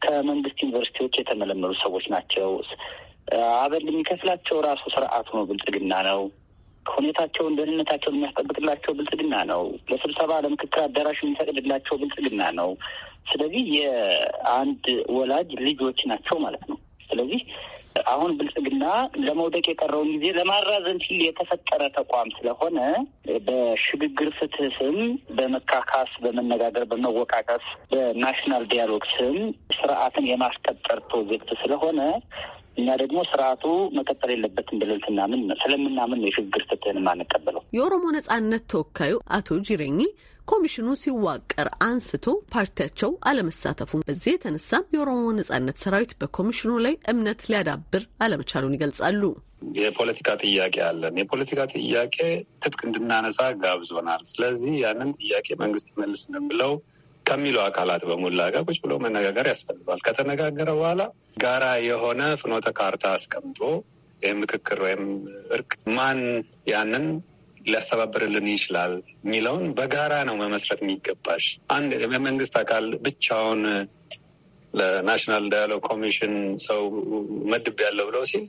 ከመንግስት ዩኒቨርሲቲዎች የተመለመሉ ሰዎች ናቸው። አበል የሚከፍላቸው ራሱ ስርዓቱ ነው፣ ብልጽግና ነው። ሁኔታቸውን፣ ደህንነታቸውን የሚያስጠብቅላቸው ብልጽግና ነው። ለስብሰባ ለምክክር አዳራሽ የሚፈቅድላቸው ብልጽግና ነው። ስለዚህ የአንድ ወላጅ ልጆች ናቸው ማለት ነው። ስለዚህ አሁን ብልጽግና ለመውደቅ የቀረውን ጊዜ ለማራዘን ሲል የተፈጠረ ተቋም ስለሆነ በሽግግር ፍትህ ስም በመካካስ፣ በመነጋገር፣ በመወቃቀስ በናሽናል ዲያሎግ ስም ስርዓትን የማስቀጠር ፕሮጀክት ስለሆነ እኛ ደግሞ ስርዓቱ መቀጠል የለበትም ብለን ስናምን ስለምናምን የሽግግር ፍትህን አንቀበለው። የኦሮሞ ነጻነት ተወካዩ አቶ ጂሬኝ ኮሚሽኑ ሲዋቀር አንስቶ ፓርቲያቸው አለመሳተፉ በዚህ የተነሳም የኦሮሞ ነጻነት ሰራዊት በኮሚሽኑ ላይ እምነት ሊያዳብር አለመቻሉን ይገልጻሉ። የፖለቲካ ጥያቄ አለን። የፖለቲካ ጥያቄ ትጥቅ እንድናነሳ ጋብዞናል። ስለዚህ ያንን ጥያቄ መንግስት ይመልስልን ብለው ከሚለው አካላት በሞላ ጋር ቁጭ ብሎ መነጋገር ያስፈልገዋል። ከተነጋገረ በኋላ ጋራ የሆነ ፍኖተ ካርታ አስቀምጦ ይህ ምክክር ወይም እርቅ ማን ያንን ሊያስተባብርልን ይችላል የሚለውን በጋራ ነው መመስረት የሚገባሽ። አንድ የመንግስት አካል ብቻውን ለናሽናል ዳያሎግ ኮሚሽን ሰው መድብ ያለው ብለው ሲል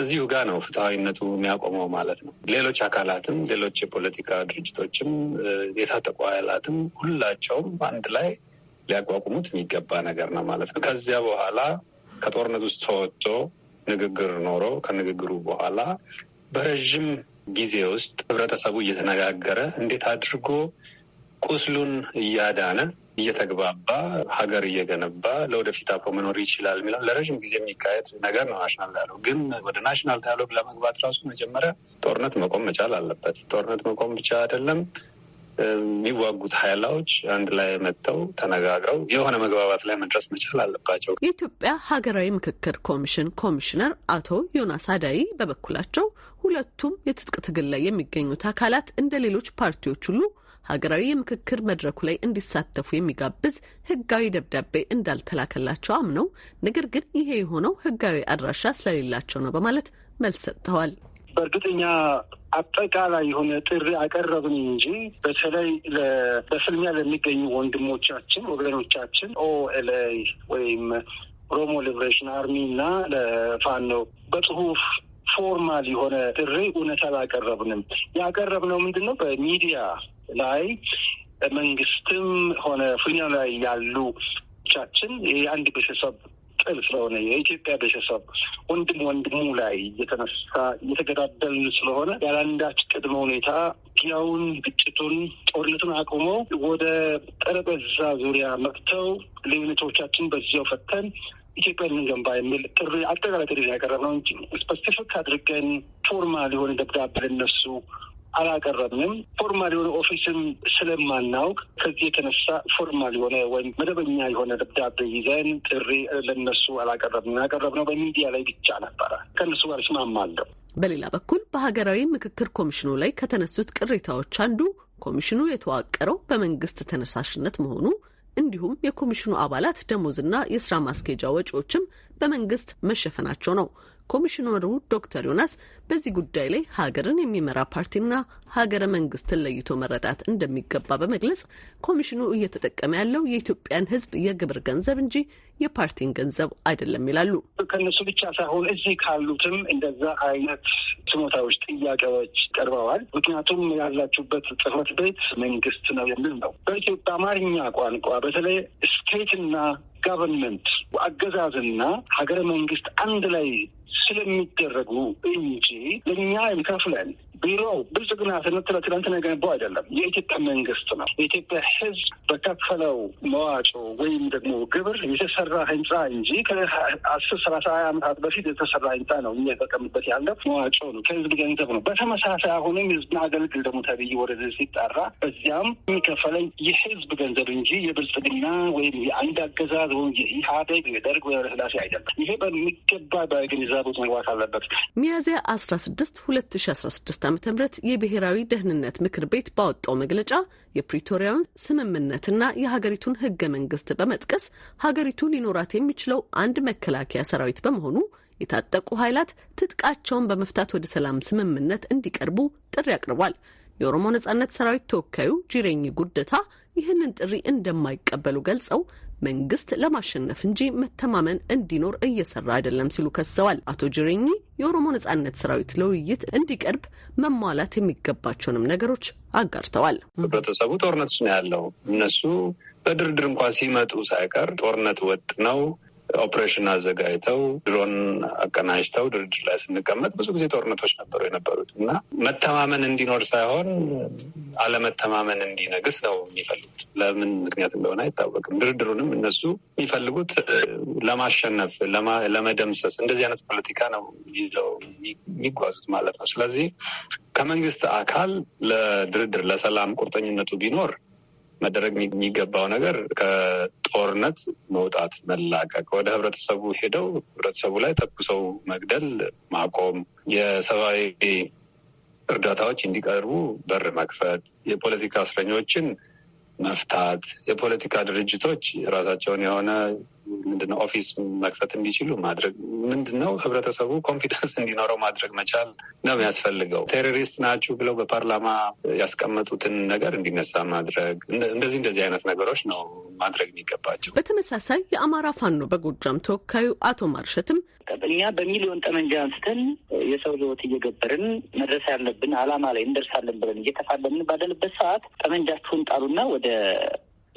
እዚሁ ጋር ነው ፍትሐዊነቱ የሚያቆመው ማለት ነው። ሌሎች አካላትም ሌሎች የፖለቲካ ድርጅቶችም የታጠቁ ኃይላትም ሁላቸውም አንድ ላይ ሊያቋቁሙት የሚገባ ነገር ነው ማለት ነው። ከዚያ በኋላ ከጦርነት ውስጥ ተወጥቶ ንግግር ኖሮ ከንግግሩ በኋላ በረዥም ጊዜ ውስጥ ህብረተሰቡ እየተነጋገረ እንዴት አድርጎ ቁስሉን እያዳነ እየተግባባ ሀገር እየገነባ ለወደፊት አብሮ መኖር ይችላል የሚለው ለረዥም ጊዜ የሚካሄድ ነገር ነው። ናሽናል ዳያሎግ ግን ወደ ናሽናል ዳያሎግ ለመግባት ራሱ መጀመሪያ ጦርነት መቆም መቻል አለበት። ጦርነት መቆም ብቻ አይደለም። የሚዋጉት ሀይላዎች አንድ ላይ መጥተው ተነጋግረው የሆነ መግባባት ላይ መድረስ መቻል አለባቸው። የኢትዮጵያ ሀገራዊ ምክክር ኮሚሽን ኮሚሽነር አቶ ዮናስ አዳይ በበኩላቸው ሁለቱም የትጥቅ ትግል ላይ የሚገኙት አካላት እንደ ሌሎች ፓርቲዎች ሁሉ ሀገራዊ የምክክር መድረኩ ላይ እንዲሳተፉ የሚጋብዝ ህጋዊ ደብዳቤ እንዳልተላከላቸው አምነው ነገር ግን ይሄ የሆነው ህጋዊ አድራሻ ስለሌላቸው ነው በማለት መልስ ሰጥተዋል። በእርግጠኛ አጠቃላይ የሆነ ጥሪ አቀረብን እንጂ በተለይ በፍልሚያ ለሚገኙ ወንድሞቻችን ወገኖቻችን ኦኤልኤ ወይም ኦሮሞ ሊብሬሽን አርሚ እና ለፋኖ በጽሁፍ ፎርማል የሆነ ጥሪ እውነት አላቀረብንም። ያቀረብነው ምንድን ነው በሚዲያ ላይ መንግስትም ሆነ ፍኛ ላይ ያሉ ቻችን የአንድ ቤተሰብ ጥል ስለሆነ የኢትዮጵያ ቤተሰብ ወንድም ወንድሙ ላይ እየተነሳ እየተገዳደልን ስለሆነ ያለአንዳች ቅድመ ሁኔታ ያውን ግጭቱን፣ ጦርነቱን አቁመው ወደ ጠረጴዛ ዙሪያ መጥተው ልዩነቶቻችን በዚያው ፈተን ኢትዮጵያን እንገንባ የሚል ጥሪ አጠቃላይ ጥሪ ያቀረብ ነው እንጂ ስፐሲፊክ አድርገን ፎርማል የሆነ ደብዳቤ ለነሱ አላቀረብንም። ፎርማል የሆነ ኦፊስን ስለማናውቅ ከዚህ የተነሳ ፎርማል የሆነ ወይም መደበኛ የሆነ ደብዳቤ ይዘን ጥሪ ለነሱ አላቀረብንም። ያቀረብነው በሚዲያ ላይ ብቻ ነበረ። ከእነሱ ጋር እስማማለሁ። በሌላ በኩል በሀገራዊ ምክክር ኮሚሽኑ ላይ ከተነሱት ቅሬታዎች አንዱ ኮሚሽኑ የተዋቀረው በመንግስት ተነሳሽነት መሆኑ እንዲሁም የኮሚሽኑ አባላት ደሞዝና የስራ ማስኬጃ ወጪዎችም በመንግስት መሸፈናቸው ነው። ኮሚሽነሩ ዶክተር ዮናስ በዚህ ጉዳይ ላይ ሀገርን የሚመራ ፓርቲና ሀገረ መንግስትን ለይቶ መረዳት እንደሚገባ በመግለጽ ኮሚሽኑ እየተጠቀመ ያለው የኢትዮጵያን ሕዝብ የግብር ገንዘብ እንጂ የፓርቲን ገንዘብ አይደለም ይላሉ። ከእነሱ ብቻ ሳይሆን እዚህ ካሉትም እንደዛ አይነት ስሞታዎች፣ ጥያቄዎች ቀርበዋል። ምክንያቱም ያላችሁበት ጽህፈት ቤት መንግስት ነው የሚል ነው። በኢትዮጵያ አማርኛ ቋንቋ በተለይ ስቴትና ጋቨርንመንት አገዛዝና ሀገረ መንግስት አንድ ላይ ስለሚደረጉ እንጂ ለእኛ ይከፍለን ቢሮው ብልጽግና ስንትለ ትናንትና የገነባው አይደለም። የኢትዮጵያ መንግስት ነው። የኢትዮጵያ ሕዝብ በከፈለው መዋጮ ወይም ደግሞ ግብር የተሰራ ህንፃ እንጂ ከአስር ሰላሳ ሀያ ዓመታት በፊት የተሰራ ህንፃ ነው። እኛ የተጠቀምበት ያለ መዋጮ ነው፣ ከህዝብ ገንዘብ ነው። በተመሳሳይ አሁንም ህዝብን አገልግል ደግሞ ተብዬ ወደዚህ ሲጠራ በዚያም የሚከፈለኝ የህዝብ ገንዘብ እንጂ የብልጽግና ወይም የአንድ አገዛዝ ወይም የኢህአዴግ የደርግ ወይ ኃይለሥላሴ አይደለም። ይሄ በሚገባ በግንዛ ግንዛቤዎች መግባት አለበት። ሚያዝያ አስራ ስድስት ሁለት ሺ አስራ ስድስት አመተ ምህረት የብሔራዊ ደህንነት ምክር ቤት ባወጣው መግለጫ የፕሪቶሪያውን ስምምነትና የሀገሪቱን ህገ መንግስት በመጥቀስ ሀገሪቱ ሊኖራት የሚችለው አንድ መከላከያ ሰራዊት በመሆኑ የታጠቁ ኃይላት ትጥቃቸውን በመፍታት ወደ ሰላም ስምምነት እንዲቀርቡ ጥሪ አቅርቧል። የኦሮሞ ነጻነት ሰራዊት ተወካዩ ጂሬኝ ጉደታ ይህንን ጥሪ እንደማይቀበሉ ገልጸው መንግስት ለማሸነፍ እንጂ መተማመን እንዲኖር እየሰራ አይደለም ሲሉ ከሰዋል። አቶ ጅሬኚ የኦሮሞ ነጻነት ሰራዊት ለውይይት እንዲቀርብ መሟላት የሚገባቸውንም ነገሮች አጋርተዋል። ህብረተሰቡ ጦርነት ውስጥ ነው ያለው። እነሱ በድርድር እንኳ ሲመጡ ሳይቀር ጦርነት ወጥ ነው ኦፕሬሽን አዘጋጅተው ድሮን አቀናጅተው ድርድር ላይ ስንቀመጥ ብዙ ጊዜ ጦርነቶች ነበሩ የነበሩት እና መተማመን እንዲኖር ሳይሆን አለመተማመን እንዲነግስ ነው የሚፈልጉት። ለምን ምክንያት እንደሆነ አይታወቅም። ድርድሩንም እነሱ የሚፈልጉት ለማሸነፍ፣ ለመደምሰስ እንደዚህ አይነት ፖለቲካ ነው ይዘው የሚጓዙት ማለት ነው። ስለዚህ ከመንግስት አካል ለድርድር ለሰላም ቁርጠኝነቱ ቢኖር መደረግ የሚገባው ነገር ከጦርነት መውጣት፣ መላቀቅ፣ ወደ ህብረተሰቡ ሄደው ህብረተሰቡ ላይ ተኩሰው መግደል ማቆም፣ የሰብአዊ እርዳታዎች እንዲቀርቡ በር መክፈት፣ የፖለቲካ እስረኞችን መፍታት፣ የፖለቲካ ድርጅቶች ራሳቸውን የሆነ ምንድነው ኦፊስ መክፈት እንዲችሉ ማድረግ ምንድነው ህብረተሰቡ ኮንፊደንስ እንዲኖረው ማድረግ መቻል ነው የሚያስፈልገው። ቴሮሪስት ናችሁ ብለው በፓርላማ ያስቀመጡትን ነገር እንዲነሳ ማድረግ እንደዚህ እንደዚህ አይነት ነገሮች ነው ማድረግ የሚገባቸው። በተመሳሳይ የአማራ ፋኖ በጎጃም ተወካዩ አቶ ማርሸትም እኛ በሚሊዮን ጠመንጃ አንስተን የሰው ህይወት እየገበርን መድረስ ያለብን አላማ ላይ እንደርሳለን ብለን እየተፋለምን ባለንበት ሰዓት ጠመንጃችሁን ጣሉና ወደ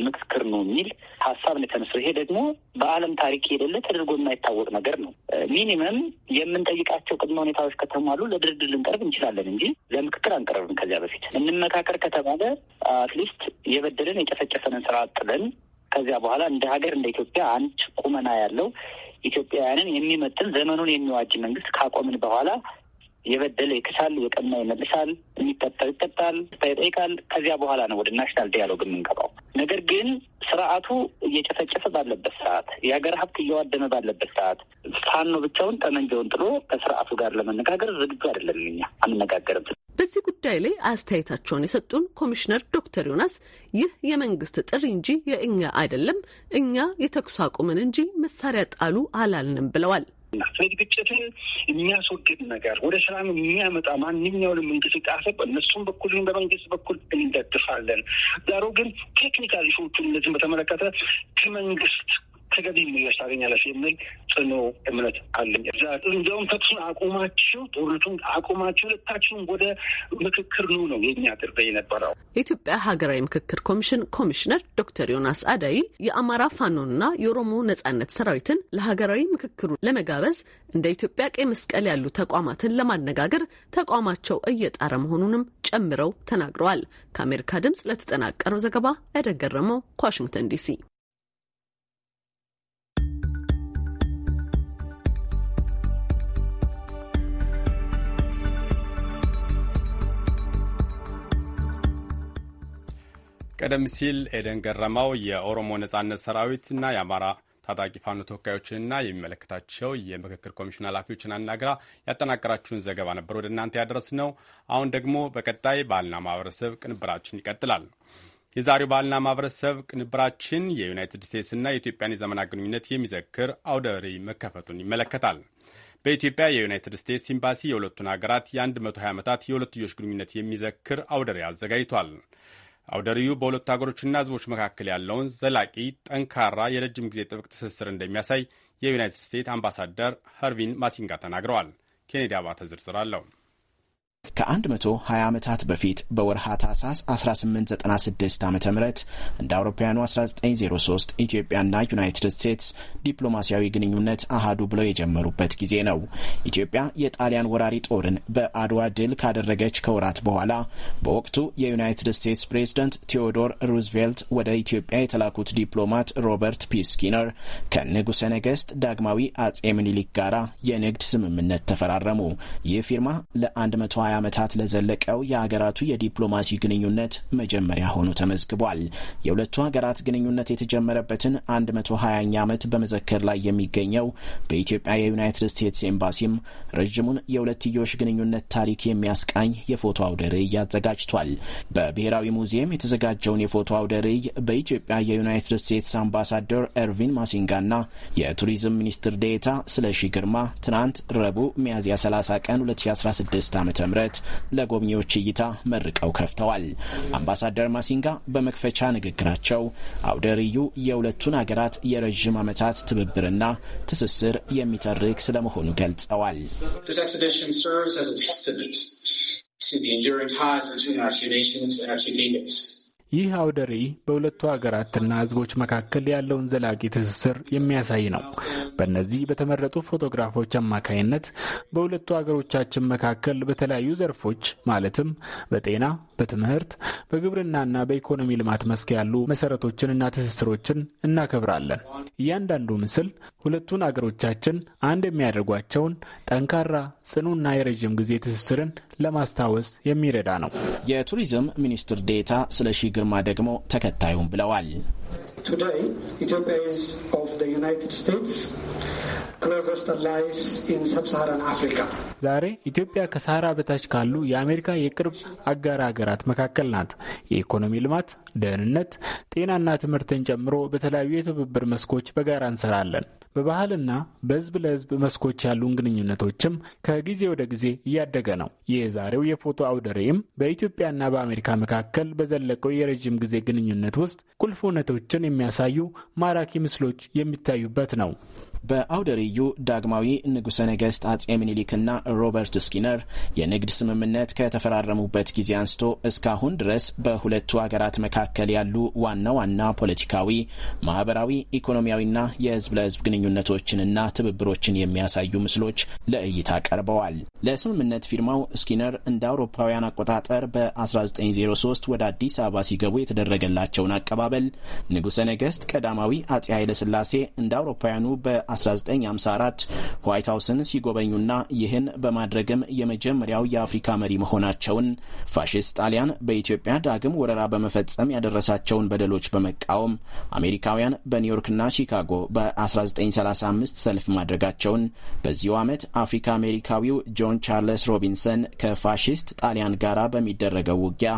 ምክክር ነው የሚል ሀሳብ ነው የተነሳው። ይሄ ደግሞ በዓለም ታሪክ የሌለ ተደርጎ የማይታወቅ ነገር ነው። ሚኒመም የምንጠይቃቸው ቅድመ ሁኔታዎች ከተሟሉ ለድርድር ልንቀርብ እንችላለን እንጂ ለምክክር አንቀረብም። ከዚያ በፊት እንመካከር ከተባለ አትሊስት የበደለን የጨፈጨፈንን ስርዓት ጥለን ከዚያ በኋላ እንደ ሀገር እንደ ኢትዮጵያ አንድ ቁመና ያለው ኢትዮጵያውያንን የሚመጥን ዘመኑን የሚዋጅ መንግስት ካቆምን በኋላ የበደለ ይክሳል፣ የቀማ ይመልሳል፣ የሚጠጣ ይጠጣል፣ ይጠይቃል። ከዚያ በኋላ ነው ወደ ናሽናል ዲያሎግ የምንገባው። ነገር ግን ስርዓቱ እየጨፈጨፈ ባለበት ሰዓት፣ የሀገር ሀብት እየዋደመ ባለበት ሰዓት ፋኖ ብቻውን ጠመንጃውን ጥሎ ከስርዓቱ ጋር ለመነጋገር ዝግጁ አይደለም። እኛ አንነጋገርም። በዚህ ጉዳይ ላይ አስተያየታቸውን የሰጡን ኮሚሽነር ዶክተር ዮናስ ይህ የመንግስት ጥሪ እንጂ የእኛ አይደለም፣ እኛ የተኩስ አቁምን እንጂ መሳሪያ ጣሉ አላልንም ብለዋል። እና ስለዚህ ግጭትን የሚያስወግድ ነገር ወደ ሰላም የሚያመጣ ማንኛውንም እንቅስቃሴ በእነሱም በኩል ወይም በመንግስት በኩል እንደግፋለን። ዳሩ ግን ቴክኒካል ሾቹን እነዚህም በተመለከተ ከመንግስት ተገቢ ምላሽ ታገኛለች የሚል ጽኑ እምነት አለኝ። እዛ እንዲያውም ተኩሱን አቁማችሁ ጦርነቱን አቁማችሁ ልታችሁን ወደ ምክክር ነው ነው የሚያደርገ የነበረው። የኢትዮጵያ ሀገራዊ ምክክር ኮሚሽን ኮሚሽነር ዶክተር ዮናስ አዳይ የአማራ ፋኖንና የኦሮሞ ነጻነት ሰራዊትን ለሀገራዊ ምክክሩ ለመጋበዝ እንደ ኢትዮጵያ ቀይ መስቀል ያሉ ተቋማትን ለማነጋገር ተቋማቸው እየጣረ መሆኑንም ጨምረው ተናግረዋል። ከአሜሪካ ድምጽ ለተጠናቀረው ዘገባ ያደገረመው ከዋሽንግተን ዲሲ ቀደም ሲል ኤደን ገረማው የኦሮሞ ነጻነት ሰራዊትና የአማራ ታጣቂ ፋኖ ተወካዮችንና የሚመለከታቸው የምክክር ኮሚሽን ኃላፊዎችን አናግራ ያጠናቀራችሁን ዘገባ ነበር ወደ እናንተ ያደረስ ነው። አሁን ደግሞ በቀጣይ ባህልና ማህበረሰብ ቅንብራችን ይቀጥላል። የዛሬው ባህልና ማህበረሰብ ቅንብራችን የዩናይትድ ስቴትስና የኢትዮጵያን የዘመና ግንኙነት የሚዘክር አውደ ርዕይ መከፈቱን ይመለከታል። በኢትዮጵያ የዩናይትድ ስቴትስ ኤምባሲ የሁለቱን ሀገራት የ120 ዓመታት የሁለትዮሽ ግንኙነት የሚዘክር አውደ ርዕይ አዘጋጅቷል። አውደ ርዕዩ በሁለቱ ሀገሮችና ህዝቦች መካከል ያለውን ዘላቂ፣ ጠንካራ የረጅም ጊዜ ጥብቅ ትስስር እንደሚያሳይ የዩናይትድ ስቴትስ አምባሳደር ሀርቪን ማሲንጋ ተናግረዋል። ኬኔዲ አባተ ዝርዝር አለው። ከ120 ዓመታት በፊት በወርሃ ታሳስ 1896 ዓ ም እንደ አውሮፓውያኑ 1903 ኢትዮጵያና ዩናይትድ ስቴትስ ዲፕሎማሲያዊ ግንኙነት አሃዱ ብለው የጀመሩበት ጊዜ ነው። ኢትዮጵያ የጣሊያን ወራሪ ጦርን በአድዋ ድል ካደረገች ከወራት በኋላ በወቅቱ የዩናይትድ ስቴትስ ፕሬዝደንት ቴዎዶር ሩዝቬልት ወደ ኢትዮጵያ የተላኩት ዲፕሎማት ሮበርት ፒ ስኪነር ከንጉሠ ነገሥት ዳግማዊ አጼ ምኒልክ ጋራ የንግድ ስምምነት ተፈራረሙ። ይህ ፊርማ ለ120 ዓመታት ለዘለቀው የሀገራቱ የዲፕሎማሲ ግንኙነት መጀመሪያ ሆኖ ተመዝግቧል። የሁለቱ ሀገራት ግንኙነት የተጀመረበትን 120ኛ ዓመት በመዘከር ላይ የሚገኘው በኢትዮጵያ የዩናይትድ ስቴትስ ኤምባሲም ረዥሙን የሁለትዮሽ ግንኙነት ታሪክ የሚያስቃኝ የፎቶ አውደ ርዕይ አዘጋጅቷል። በብሔራዊ ሙዚየም የተዘጋጀውን የፎቶ አውደ ርዕይ በኢትዮጵያ የዩናይትድ ስቴትስ አምባሳደር ኤርቪን ማሲንጋና የቱሪዝም ሚኒስትር ዴኤታ ስለሺ ግርማ ትናንት ረቡዕ ሚያዝያ 30 ቀን 2016 ዓ ም ጥረት ለጎብኚዎች እይታ መርቀው ከፍተዋል። አምባሳደር ማሲንጋ በመክፈቻ ንግግራቸው አውደ ርዕዩ የሁለቱን አገራት የረዥም ዓመታት ትብብርና ትስስር የሚተርክ ስለመሆኑ ገልጸዋል። To the enduring ties between our two nations and our two kingdoms. ይህ አውደ ርዕይ በሁለቱ ሀገራትና ህዝቦች መካከል ያለውን ዘላቂ ትስስር የሚያሳይ ነው። በእነዚህ በተመረጡ ፎቶግራፎች አማካይነት በሁለቱ ሀገሮቻችን መካከል በተለያዩ ዘርፎች ማለትም በጤና፣ በትምህርት፣ በግብርናና በኢኮኖሚ ልማት መስክ ያሉ መሰረቶችንና ትስስሮችን እናከብራለን። እያንዳንዱ ምስል ሁለቱን አገሮቻችን አንድ የሚያደርጓቸውን ጠንካራ ጽኑና የረዥም ጊዜ ትስስርን ለማስታወስ የሚረዳ ነው። የቱሪዝም ሚኒስትር ዴታ ስለሺ ግርማ ደግሞ ተከታዩም ብለዋል። ዛሬ ኢትዮጵያ ከሳህራ በታች ካሉ የአሜሪካ የቅርብ አጋር ሀገራት መካከል ናት። የኢኮኖሚ ልማት፣ ደህንነት፣ ጤናና ትምህርትን ጨምሮ በተለያዩ የትብብር መስኮች በጋራ እንሰራለን። በባህልና በህዝብ ለህዝብ መስኮች ያሉን ግንኙነቶችም ከጊዜ ወደ ጊዜ እያደገ ነው። የዛሬው የፎቶ አውደ ርዕይም በኢትዮጵያና በአሜሪካ መካከል በዘለቀው የረዥም ጊዜ ግንኙነት ውስጥ ቁልፍ እውነቶችን የሚያሳዩ ማራኪ ምስሎች የሚታዩበት ነው። በአውደ ርዕዩ ዳግማዊ ንጉሠ ነገሥት አጼ ምኒልክና ሮበርት ስኪነር የንግድ ስምምነት ከተፈራረሙበት ጊዜ አንስቶ እስካሁን ድረስ በሁለቱ ሀገራት መካከል ያሉ ዋና ዋና ፖለቲካዊ፣ ማህበራዊ፣ ኢኮኖሚያዊና የህዝብ ለህዝብ ግንኙነቶችንና ትብብሮችን የሚያሳዩ ምስሎች ለእይታ ቀርበዋል። ለስምምነት ፊርማው ስኪነር እንደ አውሮፓውያን አቆጣጠር በ1903 ወደ አዲስ አበባ ሲገቡ የተደረገላቸውን አቀባበል ንጉሠ ነገሥት ቀዳማዊ አጼ ኃይለስላሴ እንደ አውሮፓውያኑ በ 1954 ዋይት ሀውስን ሲጎበኙና ይህን በማድረግም የመጀመሪያው የአፍሪካ መሪ መሆናቸውን ፋሽስት ጣሊያን በኢትዮጵያ ዳግም ወረራ በመፈጸም ያደረሳቸውን በደሎች በመቃወም አሜሪካውያን በኒውዮርክና ቺካጎ በ1935 ሰልፍ ማድረጋቸውን በዚሁ ዓመት አፍሪካ አሜሪካዊው ጆን ቻርለስ ሮቢንሰን ከፋሽስት ጣሊያን ጋር በሚደረገው ውጊያ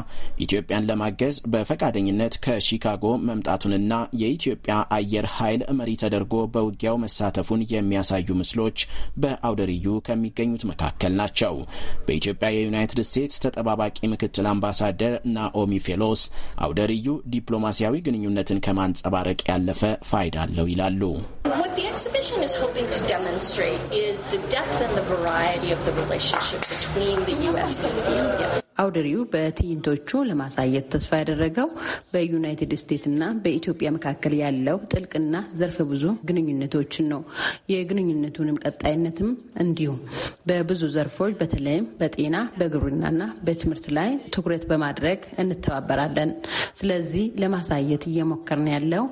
ኢትዮጵያን ለማገዝ በፈቃደኝነት ከቺካጎ መምጣቱንና የኢትዮጵያ አየር ኃይል መሪ ተደርጎ በውጊያው መሳ መሳተፉን የሚያሳዩ ምስሎች በአውደርዩ ከሚገኙት መካከል ናቸው። በኢትዮጵያ የዩናይትድ ስቴትስ ተጠባባቂ ምክትል አምባሳደር ናኦሚ ፌሎስ አውደርዩ ዲፕሎማሲያዊ ግንኙነትን ከማንጸባረቅ ያለፈ ፋይዳ አለው ይላሉ። አውደሪው በትዕይንቶቹ ለማሳየት ተስፋ ያደረገው በዩናይትድ ስቴትስ እና በኢትዮጵያ መካከል ያለው ጥልቅና ዘርፈ ብዙ ግንኙነቶችን ነው። የግንኙነቱንም ቀጣይነትም እንዲሁም በብዙ ዘርፎች በተለይም በጤና በግብርናና በትምህርት ላይ ትኩረት በማድረግ እንተባበራለን። ስለዚህ ለማሳየት እየሞከርን ያለው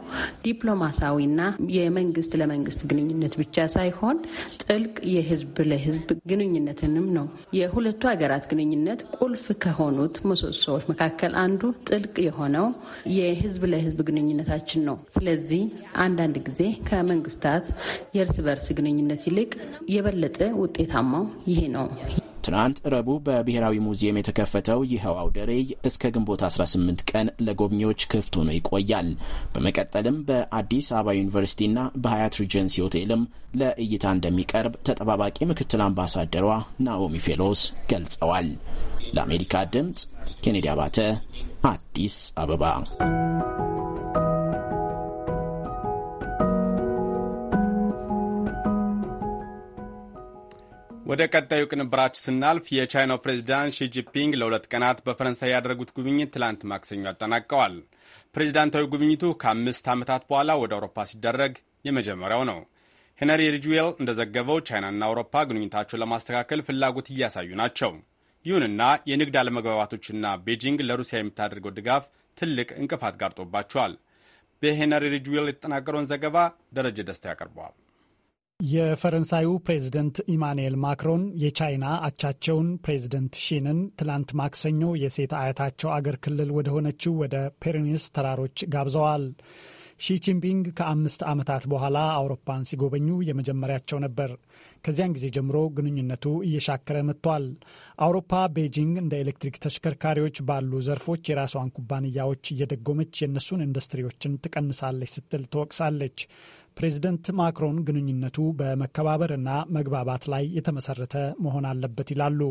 ዲፕሎማሲያዊና የመንግስት ለመንግስት ግንኙነት ብቻ ሳይሆን ጥልቅ የህዝብ ለህዝብ ግንኙነትንም ነው። የሁለቱ ሀገራት ግንኙነት ቁልፍ ከሆኑት ምሰሶዎች መካከል አንዱ ጥልቅ የሆነው የህዝብ ለህዝብ ግንኙነታችን ነው። ስለዚህ አንዳንድ ጊዜ ከመንግስታት የእርስ በርስ ግንኙነት ይልቅ የበለጠ ውጤታማው ይሄ ነው። ትናንት ረቡዕ በብሔራዊ ሙዚየም የተከፈተው ይኸው አውደ ርዕይ እስከ ግንቦት 18 ቀን ለጎብኚዎች ክፍት ሆኖ ይቆያል። በመቀጠልም በአዲስ አበባ ዩኒቨርሲቲና በሀያት ሪጀንሲ ሆቴልም ለእይታ እንደሚቀርብ ተጠባባቂ ምክትል አምባሳደሯ ናኦሚ ፌሎስ ገልጸዋል። ለአሜሪካ ድምፅ ኬኔዲ አባተ አዲስ አበባ። ወደ ቀጣዩ ቅንብራች ስናልፍ የቻይናው ፕሬዚዳንት ሺጂፒንግ ለሁለት ቀናት በፈረንሳይ ያደረጉት ጉብኝት ትላንት ማክሰኞ አጠናቀዋል። ፕሬዚዳንታዊ ጉብኝቱ ከአምስት ዓመታት በኋላ ወደ አውሮፓ ሲደረግ የመጀመሪያው ነው። ሄነሪ ሪጅዌል እንደዘገበው ቻይናና አውሮፓ ግንኙነታቸውን ለማስተካከል ፍላጎት እያሳዩ ናቸው። ይሁንና የንግድ አለመግባባቶችና ቤጂንግ ለሩሲያ የምታደርገው ድጋፍ ትልቅ እንቅፋት ጋርጦባቸዋል። በሄነሪ ሪጅዌል የተጠናቀረውን ዘገባ ደረጀ ደስታ ያቀርበዋል። የፈረንሳዩ ፕሬዝደንት ኢማንኤል ማክሮን የቻይና አቻቸውን ፕሬዝደንት ሺንን ትላንት ማክሰኞ የሴት አያታቸው አገር ክልል ወደ ሆነችው ወደ ፔሪኒስ ተራሮች ጋብዘዋል። ሺቺንፒንግ ከአምስት ዓመታት በኋላ አውሮፓን ሲጎበኙ የመጀመሪያቸው ነበር። ከዚያን ጊዜ ጀምሮ ግንኙነቱ እየሻከረ መጥቷል። አውሮፓ ቤጂንግ እንደ ኤሌክትሪክ ተሽከርካሪዎች ባሉ ዘርፎች የራሷን ኩባንያዎች እየደጎመች የእነሱን ኢንዱስትሪዎችን ትቀንሳለች ስትል ትወቅሳለች። ፕሬዚደንት ማክሮን ግንኙነቱ በመከባበርና መግባባት ላይ የተመሰረተ መሆን አለበት ይላሉ።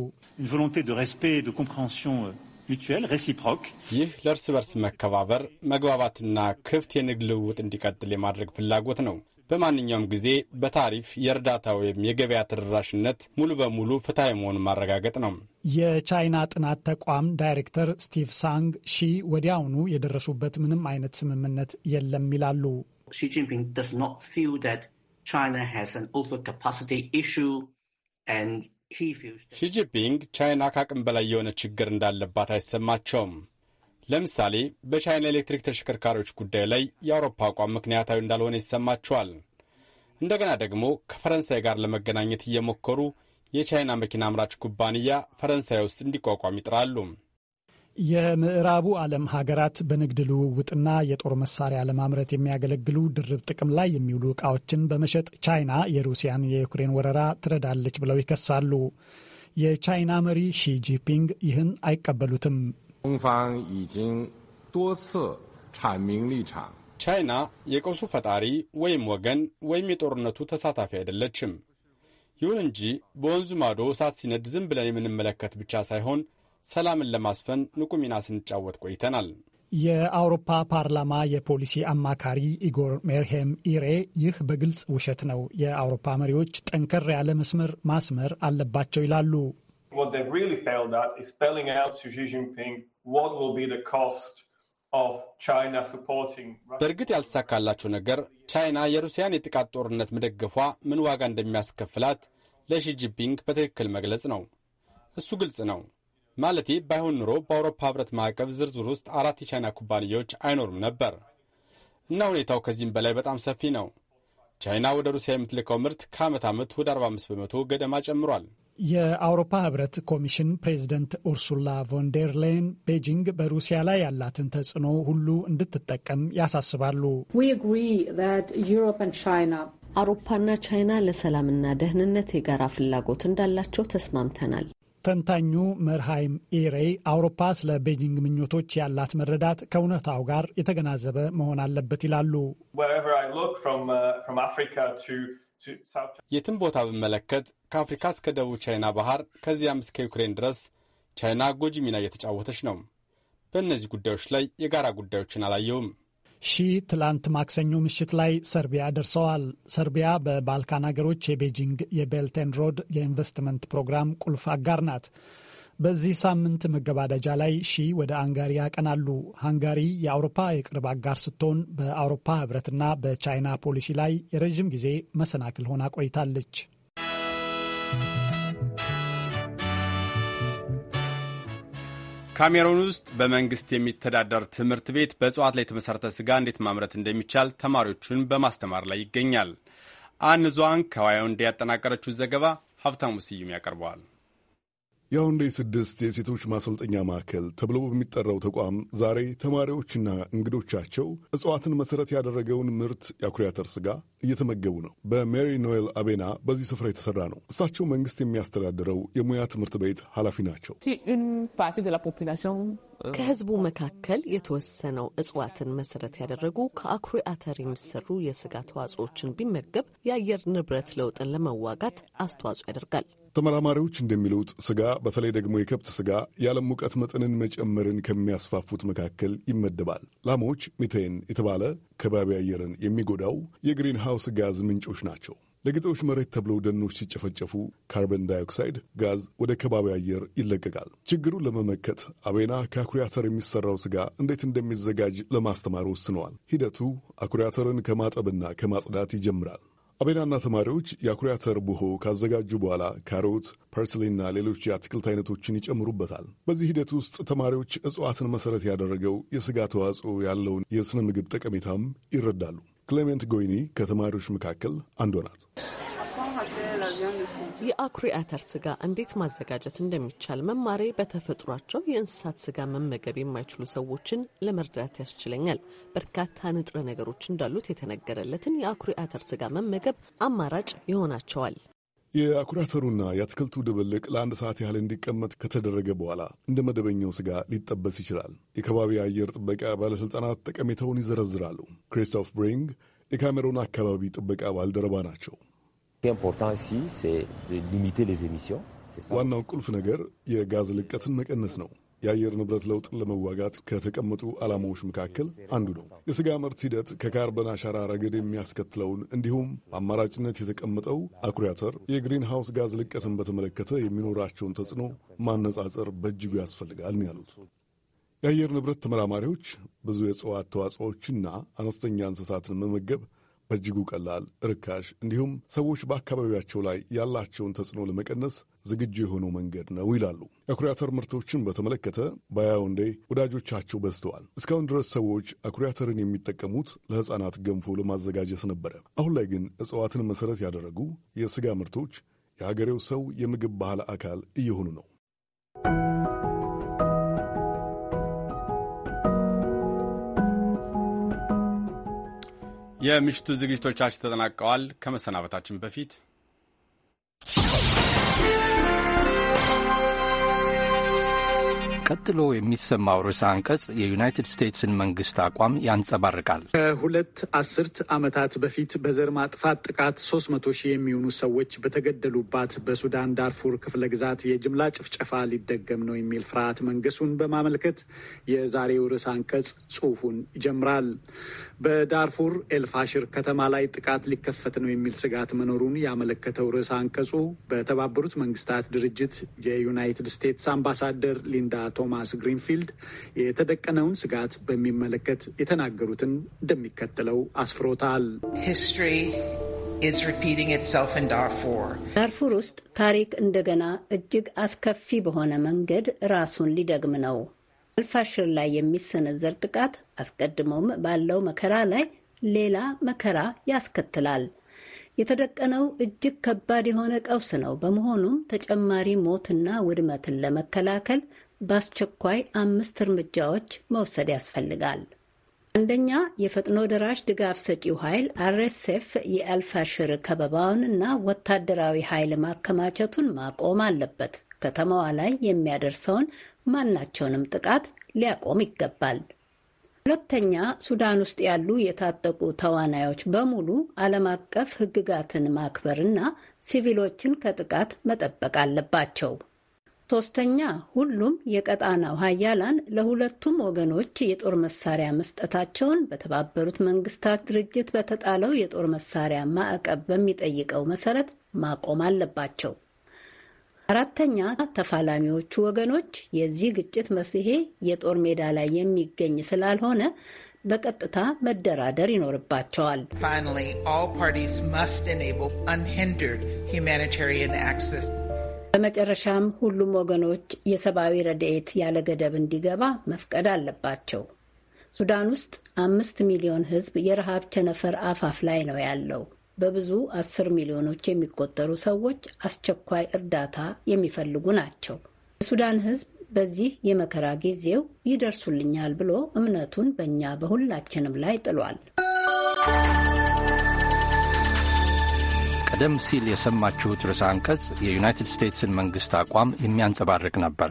ይህ ለእርስ በርስ መከባበር፣ መግባባትና ክፍት የንግድ ልውውጥ እንዲቀጥል የማድረግ ፍላጎት ነው። በማንኛውም ጊዜ በታሪፍ የእርዳታ ወይም የገበያ ተደራሽነት ሙሉ በሙሉ ፍትሐዊ መሆኑን ማረጋገጥ ነው። የቻይና ጥናት ተቋም ዳይሬክተር ስቲቭ ሳንግ ሺ ወዲያውኑ የደረሱበት ምንም አይነት ስምምነት የለም ይላሉ። ሺጂንፒንግ ሺጂፒንግ ቻይና ከአቅም በላይ የሆነ ችግር እንዳለባት አይሰማቸውም። ለምሳሌ በቻይና ኤሌክትሪክ ተሽከርካሪዎች ጉዳይ ላይ የአውሮፓ አቋም ምክንያታዊ እንዳልሆነ ይሰማቸዋል። እንደገና ደግሞ ከፈረንሳይ ጋር ለመገናኘት እየሞከሩ የቻይና መኪና አምራች ኩባንያ ፈረንሳይ ውስጥ እንዲቋቋም ይጥራሉ። የምዕራቡ ዓለም ሀገራት በንግድ ልውውጥና የጦር መሳሪያ ለማምረት የሚያገለግሉ ድርብ ጥቅም ላይ የሚውሉ እቃዎችን በመሸጥ ቻይና የሩሲያን የዩክሬን ወረራ ትረዳለች ብለው ይከሳሉ። የቻይና መሪ ሺጂፒንግ ይህን አይቀበሉትም። ቻይና የቀውሱ ፈጣሪ ወይም ወገን ወይም የጦርነቱ ተሳታፊ አይደለችም። ይሁን እንጂ በወንዙ ማዶ እሳት ሲነድ ዝም ብለን የምንመለከት ብቻ ሳይሆን ሰላምን ለማስፈን ንቁ ሚና ስንጫወት ቆይተናል። የአውሮፓ ፓርላማ የፖሊሲ አማካሪ ኢጎር ሜርሄም ኢሬ ይህ በግልጽ ውሸት ነው፣ የአውሮፓ መሪዎች ጠንከር ያለ መስመር ማስመር አለባቸው ይላሉ። በእርግጥ ያልተሳካላቸው ነገር ቻይና የሩሲያን የጥቃት ጦርነት መደገፏ ምን ዋጋ እንደሚያስከፍላት ለሺጂፒንግ በትክክል መግለጽ ነው። እሱ ግልጽ ነው። ማለቴ ባይሆን ኑሮ በአውሮፓ ህብረት ማዕቀፍ ዝርዝር ውስጥ አራት የቻይና ኩባንያዎች አይኖሩም ነበር እና ሁኔታው ከዚህም በላይ በጣም ሰፊ ነው። ቻይና ወደ ሩሲያ የምትልከው ምርት ከዓመት ዓመት ወደ 45 በመቶ ገደማ ጨምሯል። የአውሮፓ ህብረት ኮሚሽን ፕሬዚደንት ኡርሱላ ቮንደርላይን ቤጂንግ በሩሲያ ላይ ያላትን ተጽዕኖ ሁሉ እንድትጠቀም ያሳስባሉ። አውሮፓና ቻይና ለሰላምና ደህንነት የጋራ ፍላጎት እንዳላቸው ተስማምተናል። ተንታኙ መርሃይም ኤሬይ አውሮፓ ስለ ቤጂንግ ምኞቶች ያላት መረዳት ከእውነታው ጋር የተገናዘበ መሆን አለበት ይላሉ። uh, የትም ቦታ ብመለከት ከአፍሪካ እስከ ደቡብ ቻይና ባህር ከዚያም እስከ ዩክሬን ድረስ ቻይና ጎጂ ሚና እየተጫወተች ነው። በእነዚህ ጉዳዮች ላይ የጋራ ጉዳዮችን አላየውም። ሺ ትላንት ማክሰኞ ምሽት ላይ ሰርቢያ ደርሰዋል። ሰርቢያ በባልካን አገሮች የቤጂንግ የቤልቴን ሮድ የኢንቨስትመንት ፕሮግራም ቁልፍ አጋር ናት። በዚህ ሳምንት መገባደጃ ላይ ሺ ወደ አንጋሪ ያቀናሉ። ሃንጋሪ የአውሮፓ የቅርብ አጋር ስትሆን በአውሮፓ ህብረትና በቻይና ፖሊሲ ላይ የረዥም ጊዜ መሰናክል ሆና ቆይታለች። ካሜሮን ውስጥ በመንግስት የሚተዳደር ትምህርት ቤት በእጽዋት ላይ የተመሠረተ ስጋ እንዴት ማምረት እንደሚቻል ተማሪዎቹን በማስተማር ላይ ይገኛል። አንዟን ከዋዮንዴ ያጠናቀረችው ዘገባ ሀብታሙ ስዩም ያቀርበዋል። የያውንዴ ስድስት የሴቶች ማሰልጠኛ ማዕከል ተብሎ በሚጠራው ተቋም ዛሬ ተማሪዎችና እንግዶቻቸው እጽዋትን መሠረት ያደረገውን ምርት የአኩሪ አተር ስጋ እየተመገቡ ነው። በሜሪ ኖኤል አቤና በዚህ ስፍራ የተሰራ ነው። እሳቸው መንግስት የሚያስተዳድረው የሙያ ትምህርት ቤት ኃላፊ ናቸው። eh, ከህዝቡ መካከል የተወሰነው እጽዋትን መሰረት ያደረጉ ከአኩሪ አተር የሚሰሩ የስጋ ተዋጽዎችን ቢመገብ የአየር ንብረት ለውጥን ለመዋጋት አስተዋጽኦ ያደርጋል። ተመራማሪዎች እንደሚሉት ስጋ በተለይ ደግሞ የከብት ስጋ የዓለም ሙቀት መጠንን መጨመርን ከሚያስፋፉት መካከል ይመደባል። ላሞች ሚቴን የተባለ ከባቢ አየርን የሚጎዳው የግሪን ሃውስ ጋዝ ምንጮች ናቸው። ለግጦሽ መሬት ተብለው ደኖች ሲጨፈጨፉ ካርበን ዳይኦክሳይድ ጋዝ ወደ ከባቢ አየር ይለቀቃል። ችግሩን ለመመከት አቤና ከአኩሪ አተር የሚሠራው ሥጋ እንዴት እንደሚዘጋጅ ለማስተማር ወስነዋል። ሂደቱ አኩሪ አተርን ከማጠብና ከማጽዳት ይጀምራል። አቤናና ተማሪዎች የአኩሪ አተር ቡሆ ካዘጋጁ በኋላ ካሮት፣ ፐርስሊና ሌሎች የአትክልት አይነቶችን ይጨምሩበታል። በዚህ ሂደት ውስጥ ተማሪዎች እጽዋትን መሠረት ያደረገው የስጋ ተዋጽኦ ያለውን የሥነ ምግብ ጠቀሜታም ይረዳሉ። ክሌሜንት ጎይኒ ከተማሪዎች መካከል አንዷ ናት። የአኩሪ አተር ስጋ እንዴት ማዘጋጀት እንደሚቻል መማሬ በተፈጥሯቸው የእንስሳት ስጋ መመገብ የማይችሉ ሰዎችን ለመርዳት ያስችለኛል። በርካታ ንጥረ ነገሮች እንዳሉት የተነገረለትን የአኩሪ አተር ስጋ መመገብ አማራጭ ይሆናቸዋል። የአኩሪ አተሩና የአትክልቱ ድብልቅ ለአንድ ሰዓት ያህል እንዲቀመጥ ከተደረገ በኋላ እንደ መደበኛው ስጋ ሊጠበስ ይችላል። የከባቢ አየር ጥበቃ ባለሥልጣናት ጠቀሜታውን ይዘረዝራሉ። ክሪስቶፍ ብሪንግ የካሜሮን አካባቢ ጥበቃ ባልደረባ ናቸው። ዋናው ቁልፍ ነገር የጋዝ ልቀትን መቀነስ ነው። የአየር ንብረት ለውጥን ለመዋጋት ከተቀመጡ ዓላማዎች መካከል አንዱ ነው። የሥጋ ምርት ሂደት ከካርበን አሻራ ረገድ የሚያስከትለውን እንዲሁም በአማራጭነት የተቀመጠው አኩሪ አተር የግሪን ጋዝ ልቀትን በተመለከተ የሚኖራቸውን ተጽዕኖ ማነጻጸር በእጅጉ ያስፈልጋል ያሉት። የአየር ንብረት ተመራማሪዎች ብዙ የእጽዋት ተዋጽኦችና አነስተኛ እንስሳትን መመገብ በእጅጉ ቀላል፣ ርካሽ እንዲሁም ሰዎች በአካባቢያቸው ላይ ያላቸውን ተጽዕኖ ለመቀነስ ዝግጁ የሆነው መንገድ ነው ይላሉ። አኩሪ አተር ምርቶችን በተመለከተ በያውንዴ ወዳጆቻቸው በዝተዋል። እስካሁን ድረስ ሰዎች አኩሪ አተርን የሚጠቀሙት ለሕፃናት ገንፎ ለማዘጋጀት ነበረ። አሁን ላይ ግን እጽዋትን መሠረት ያደረጉ የሥጋ ምርቶች የሀገሬው ሰው የምግብ ባህል አካል እየሆኑ ነው። የምሽቱ ዝግጅቶቻችን ተጠናቀዋል። ከመሰናበታችን በፊት ቀጥሎ የሚሰማው ርዕሰ አንቀጽ የዩናይትድ ስቴትስን መንግስት አቋም ያንጸባርቃል። ከሁለት አስርት ዓመታት በፊት በዘር ማጥፋት ጥቃት 300 ሺህ የሚሆኑ ሰዎች በተገደሉባት በሱዳን ዳርፉር ክፍለ ግዛት የጅምላ ጭፍጨፋ ሊደገም ነው የሚል ፍርሃት መንገሱን በማመልከት የዛሬው ርዕሰ አንቀጽ ጽሑፉን ይጀምራል። በዳርፉር ኤልፋሽር ከተማ ላይ ጥቃት ሊከፈት ነው የሚል ስጋት መኖሩን ያመለከተው ርዕሰ አንቀጹ በተባበሩት መንግስታት ድርጅት የዩናይትድ ስቴትስ አምባሳደር ሊንዳ ቶማስ ግሪንፊልድ የተደቀነውን ስጋት በሚመለከት የተናገሩትን እንደሚከተለው አስፍሮታል። ዳርፉር ውስጥ ታሪክ እንደገና እጅግ አስከፊ በሆነ መንገድ ራሱን ሊደግም ነው። አልፋሽር ላይ የሚሰነዘር ጥቃት አስቀድሞም ባለው መከራ ላይ ሌላ መከራ ያስከትላል። የተደቀነው እጅግ ከባድ የሆነ ቀውስ ነው። በመሆኑም ተጨማሪ ሞትና ውድመትን ለመከላከል በአስቸኳይ አምስት እርምጃዎች መውሰድ ያስፈልጋል። አንደኛ፣ የፈጥኖ ደራሽ ድጋፍ ሰጪው ኃይል አርኤስኤፍ የአልፋሽር ከበባውን እና ወታደራዊ ኃይል ማከማቸቱን ማቆም አለበት። ከተማዋ ላይ የሚያደርሰውን ማናቸውንም ጥቃት ሊያቆም ይገባል። ሁለተኛ፣ ሱዳን ውስጥ ያሉ የታጠቁ ተዋናዮች በሙሉ ዓለም አቀፍ ሕግጋትን ማክበርና ሲቪሎችን ከጥቃት መጠበቅ አለባቸው። ሶስተኛ፣ ሁሉም የቀጣናው ሀያላን ለሁለቱም ወገኖች የጦር መሳሪያ መስጠታቸውን በተባበሩት መንግስታት ድርጅት በተጣለው የጦር መሳሪያ ማዕቀብ በሚጠይቀው መሰረት ማቆም አለባቸው። አራተኛ፣ ተፋላሚዎቹ ወገኖች የዚህ ግጭት መፍትሄ የጦር ሜዳ ላይ የሚገኝ ስላልሆነ በቀጥታ መደራደር ይኖርባቸዋል። በመጨረሻም ሁሉም ወገኖች የሰብአዊ ረድኤት ያለ ገደብ እንዲገባ መፍቀድ አለባቸው። ሱዳን ውስጥ አምስት ሚሊዮን ህዝብ የረሃብ ቸነፈር አፋፍ ላይ ነው ያለው። በብዙ አስር ሚሊዮኖች የሚቆጠሩ ሰዎች አስቸኳይ እርዳታ የሚፈልጉ ናቸው። የሱዳን ህዝብ በዚህ የመከራ ጊዜው ይደርሱልኛል ብሎ እምነቱን በእኛ በሁላችንም ላይ ጥሏል። ቀደም ሲል የሰማችሁት ርዕሰ አንቀጽ የዩናይትድ ስቴትስን መንግሥት አቋም የሚያንጸባርቅ ነበር።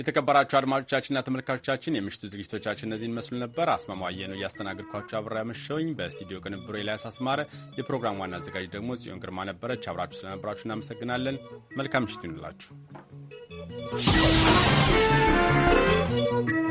የተከበራችሁ አድማጮቻችንና ተመልካቾቻችን የምሽቱ ዝግጅቶቻችን እነዚህን መስሉ ነበር። አስማማየ ነው እያስተናገድኳችሁ አብራ ያመሸውኝ። በስቱዲዮ ቅንብሮ ኤልያስ አስማረ፣ የፕሮግራም ዋና አዘጋጅ ደግሞ ጽዮን ግርማ ነበረች። አብራችሁ ስለነበራችሁ እናመሰግናለን። መልካም ምሽት you.